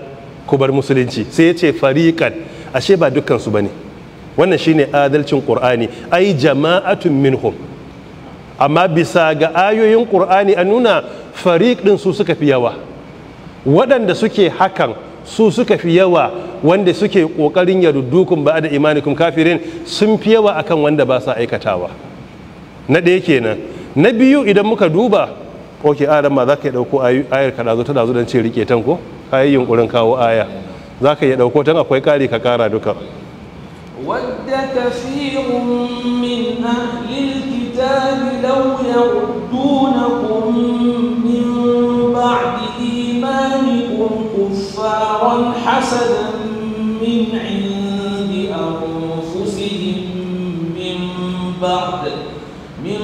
ku bar musulunci sai ya ce fariƙan ashe ba dukkansu ba ne. wannan shine adalcin qur'ani ai jama'atun minhum amma bisa ga ayoyin qur'ani a nuna fariq su suka fi yawa waɗanda suke hakan su suka fi yawa wanda suke kokarin yaruddukum ba da imanikum kafirin sun fi yawa akan wanda ba sa aikatawa na ɗaya kenan na biyu idan muka duba ok adam ma za ka yi ɗauko ayar ka ɗazu ta ɗazu don ce rike tan ko kawo aya za ka yi ɗauko tan akwai ƙari ka ƙara duka ود كثير من أهل كفارا حسدا من عند أنفسهم من بعد من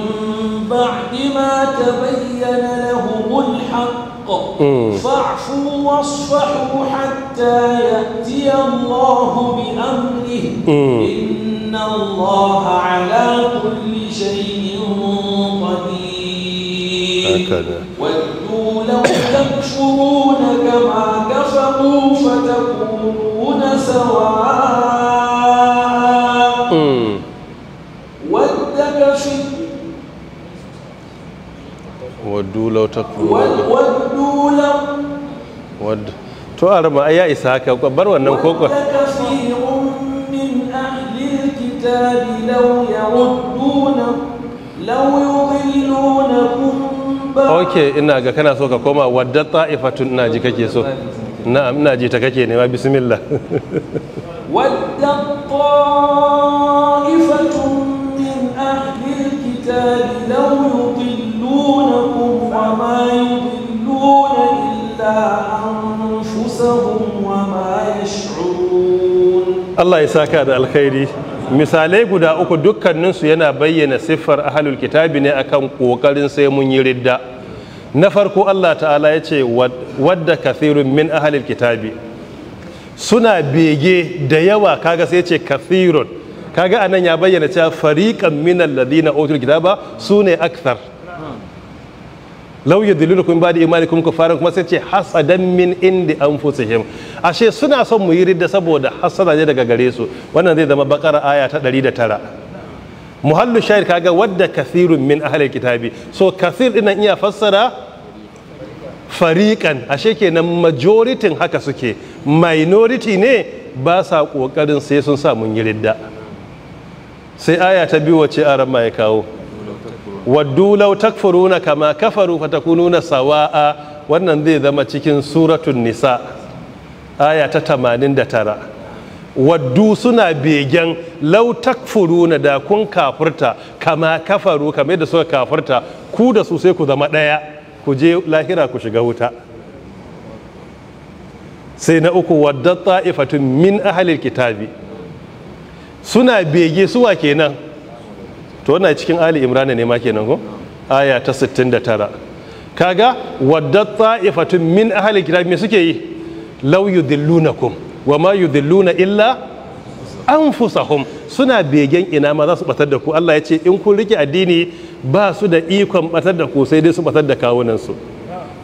بعد ما تبين لهم الحق فاعفوا واصفحوا حتى يأتي الله بأمره إن الله على كل شيء قدير ودوا لو تكفرون كما أشفقوا فتكونون سواء ود كثير waddu lau waddu lau waddu to a rama ya isa haka bar wannan kokon ok ina ga kana so ka koma wadda tun ina ji kake so na'am ina ji ta kake nema ma yudilluna illa wa ma Allah ya saka da alkhairi misalai guda uku dukkaninsu yana bayyana siffar ahalul kitabi ne akan kokarin sai mun yi ridda na farko Allah ta'ala ya ce wadda kathirun min ahalil kitabi suna bege da yawa kaga sai ce kathirun kaga anan ya bayyana cewa fariqan min alladhina utul kitaba sune akthar law yudillukum ba imanikum kufaran kuma sai ce hasadan min indi anfusihim ashe suna son mu yi ridda saboda hasada ne daga gare su wannan zai zama bakara aya ta 109 muhallu shahid kaga wadda kathirun min ahlil kitabi so kathir dinan iya fassara fariƙan ashe kenan majoritin haka suke minority ne ba sa ƙoƙarin sai sun sa mun yi ridda sai aya ta biyu wace aran ma ya kawo waddu law takfuruna kama kafaru nuna sawa'a wannan zai zama cikin suratun nisa aya ta tamanin da tara. waddu suna begen lau takfuruna da kun kafurta kama kafaru kamar da suka kafurta ku da su sai ku zama ɗaya ku je lahira ku shiga wuta sai na uku wadda ta'ifatun min ahalil kitabi suna bege suwa kenan to wannan cikin ali imrana ne ma kenan ko aya ta 69 kaga wadda ta'ifatun min ahalil kitabi me suke yi law yudillunakum wa ma yudilluna illa an anfusahum suna begen ina ma za su batar da ku Allah ya ce in kun rike addini ba su da ikon batar da ku sai dai su batar da kawunan su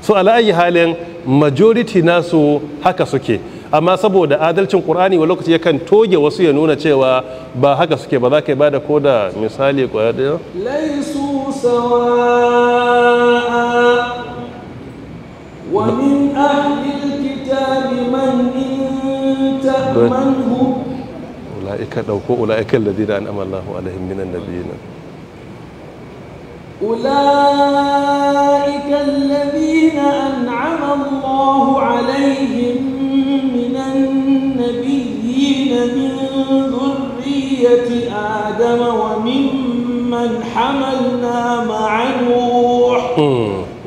so ala ayi halin majority nasu haka suke amma saboda adalcin qur'ani wa lokaci yakan toge wasu ya nuna cewa ba haka suke ba za ka bada ko da misali ko daya laisu sawa wa min ahli alkitabi man in ta'manhu أولئك ko أولئك الذين أنعم الله عليهم من النبيين أولئك الذين أنعم الله عليهم من النبيين من ذرية آدم وممن حملنا مع نوح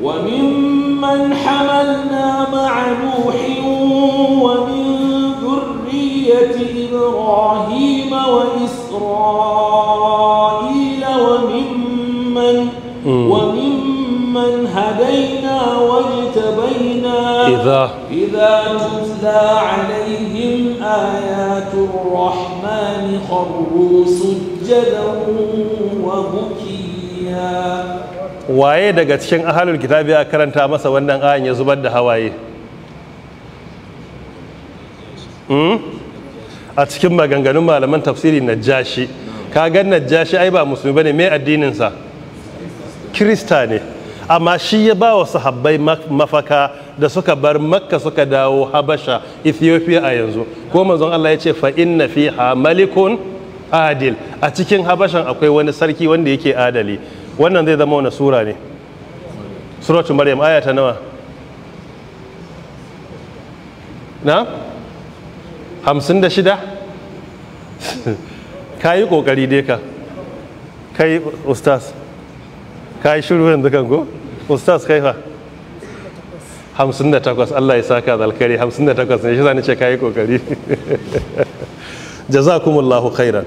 وممن حملنا مع نوح ومن ذرية إبراهيم إسرائيل وممن وممن هدينا واجتبينا إذا إذا تتلى عليهم آيات الرحمن خروا سجدا وبكيا waye daga cikin ahalul kitabi ya karanta masa wannan ayan ya zubar da hawaye? Mm? a cikin maganganun malaman tafsiri najashi kaga najashi ai ba musulmi bane mai addinin sa kirista ne amma shi ya ba wa sahabbai mafaka da suka bar makka suka dawo habasha ethiopia a yanzu ko manzon allah ya ce fa inna fiha malikun adil a cikin habashan akwai wani sarki wanda yake adali wannan zai zama wani sura ne suratu maryam aya nawa na hamsin da shida ka yi ƙoƙari dai ka ka yi ustaz ka yi shiru yanzu kan ko ustaz kai fa hamsin da takwas allah ya saka da alkari hamsin da takwas ne shi zane ce ka yi ƙoƙari jazakumullahu khairan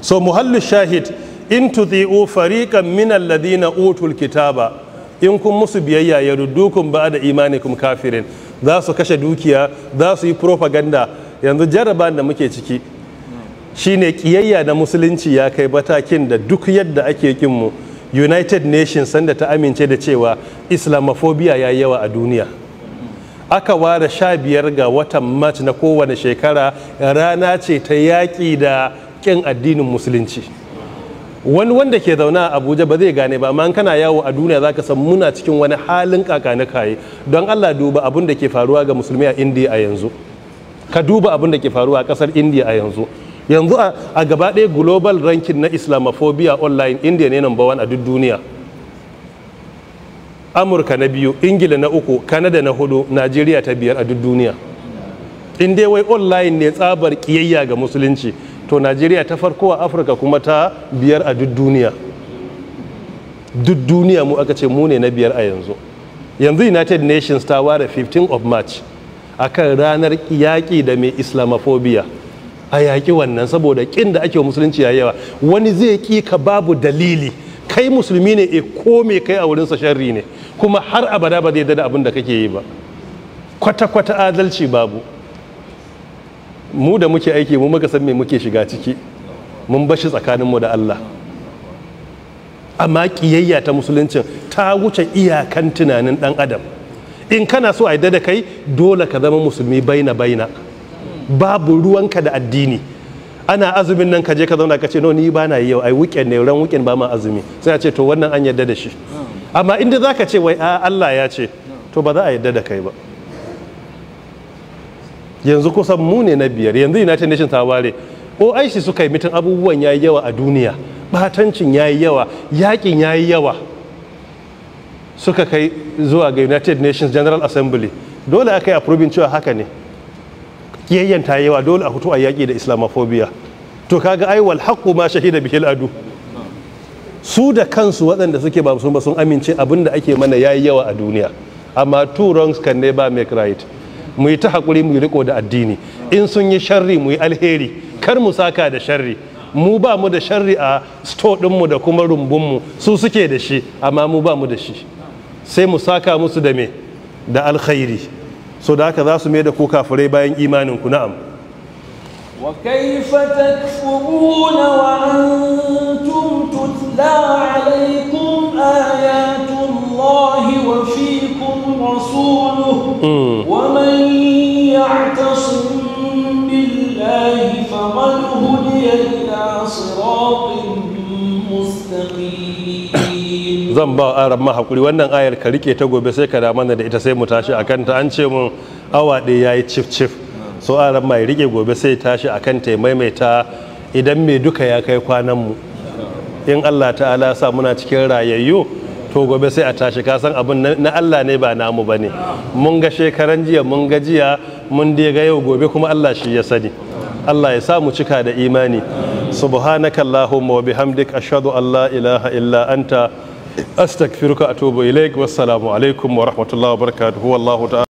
so muhallu shahid in tuti'u fariqan min alladhina utul kitaba in kun musu biyayya ya ruddukum ba'da imanikum kafirin za su kashe dukiya za su yi propaganda yanzu jaraban da muke ciki shine kiyayya na musulunci ya kai batakin da duk yadda ake kin mu united nations sanda ta amince da cewa islamophobia ya yi yawa a duniya aka ware sha biyar ga watan march na kowane shekara rana ce ta yaƙi da ƙin addinin musulunci wani wanda ke zaune a abuja ba zai gane ba amma kana yawo a duniya zaka san muna cikin wani halin na kaye don allah duba abin da ke faruwa ga musulmi a indiya a yanzu ka duba abin da ke faruwa a kasar india a yanzu yanzu a gaba ɗaya global ranking na islamophobia online india ne number one a duk duniya amurka na biyu ingila na uku kanada na hudu nigeria ta biyar a duk duniya in dai wai online ne tsabar kiyayya ga musulunci to nigeria ta farko a afirka kuma ta biyar a duk duniya duk duniya mu aka ce mu ne na biyar a yanzu yanzu united nations ta ware 15 of march akan ranar yaƙi da mai islamophobia a yaƙi wannan saboda ƙin da ake wa musulunci ya yawa wani zai ƙi ka babu dalili kai musulmi ne e ko mai kai a wurinsa sharri ne kuma har abada ba zai dada abin da kake yi ba kwata-kwata adalci babu mu da muke aiki mu muka san me muke shiga ciki mun bashi tsakaninmu da Allah amma ƙiyayya ta musuluncin ta wuce iyakan tunanin ɗan adam in kana so a yadda da kai dole ka zama musulmi baina baina babu ruwanka da addini ana azumin nan ka je ka zauna ka ce no ni ba na yi yau ai weekend ne ran weekend ba ma azumi sai a ce to wannan an yadda da shi amma inda zaka ce wai a Allah ya ce to ba za a yadda da kai ba yanzu kusan mu ne na biyar yanzu united nations ta ware o aishi suka yi mitin abubuwan yayi yawa a duniya batancin yayi yawa yakin yayi yawa suka kai zuwa ga united nations general assembly dole aka yi approving cewa haka ne kiyayyanta ta yawa dole a hutu a yaƙi da islamophobia to kaga ai wal haqqu ma shahida bihil adu su da kansu waɗanda suke ba sun ba sun amince abin da ake mana yayi yawa a duniya amma two wrongs can never make right mu yi ta hakuri mu yi riko da addini in sun yi sharri mu yi alheri kar mu saka da sharri mu ba mu da sharri a store ɗinmu da kuma rumbunmu su suke da shi amma mu ba mu da shi sai mu saka musu da me da alkhairi so da haka za su mai da ku kafirai bayan imanin ku na'am wa kaifa takfuruna wa antum tutla alaykum ayatullahi wa fiikum rasuluhu hmm. wa man ya'tasim billahi faqad hudiya ila siratin mustaqim zan ba aran ma hakuri wannan ayar ka rike ta gobe sai ka damar da ita sai mu tashi akan ta an ce mun awa ɗaya yayi cif cif so aran ma ya rike gobe sai tashi akan ta maimaita idan mai duka ya kai kwanan mu in Allah ta'ala sa muna cikin rayayyu to gobe sai a tashi kasan san abin na Allah ne ba namu bane mun ga shekaran jiya mun ga jiya mun dai ga yau gobe kuma Allah shi ya sani Allah ya sa mu cika da imani subhanakallahumma wa bihamdik ashadu an la ilaha illa anta أستغفرك أتوب إليك والسلام عليكم ورحمة الله وبركاته والله تعالى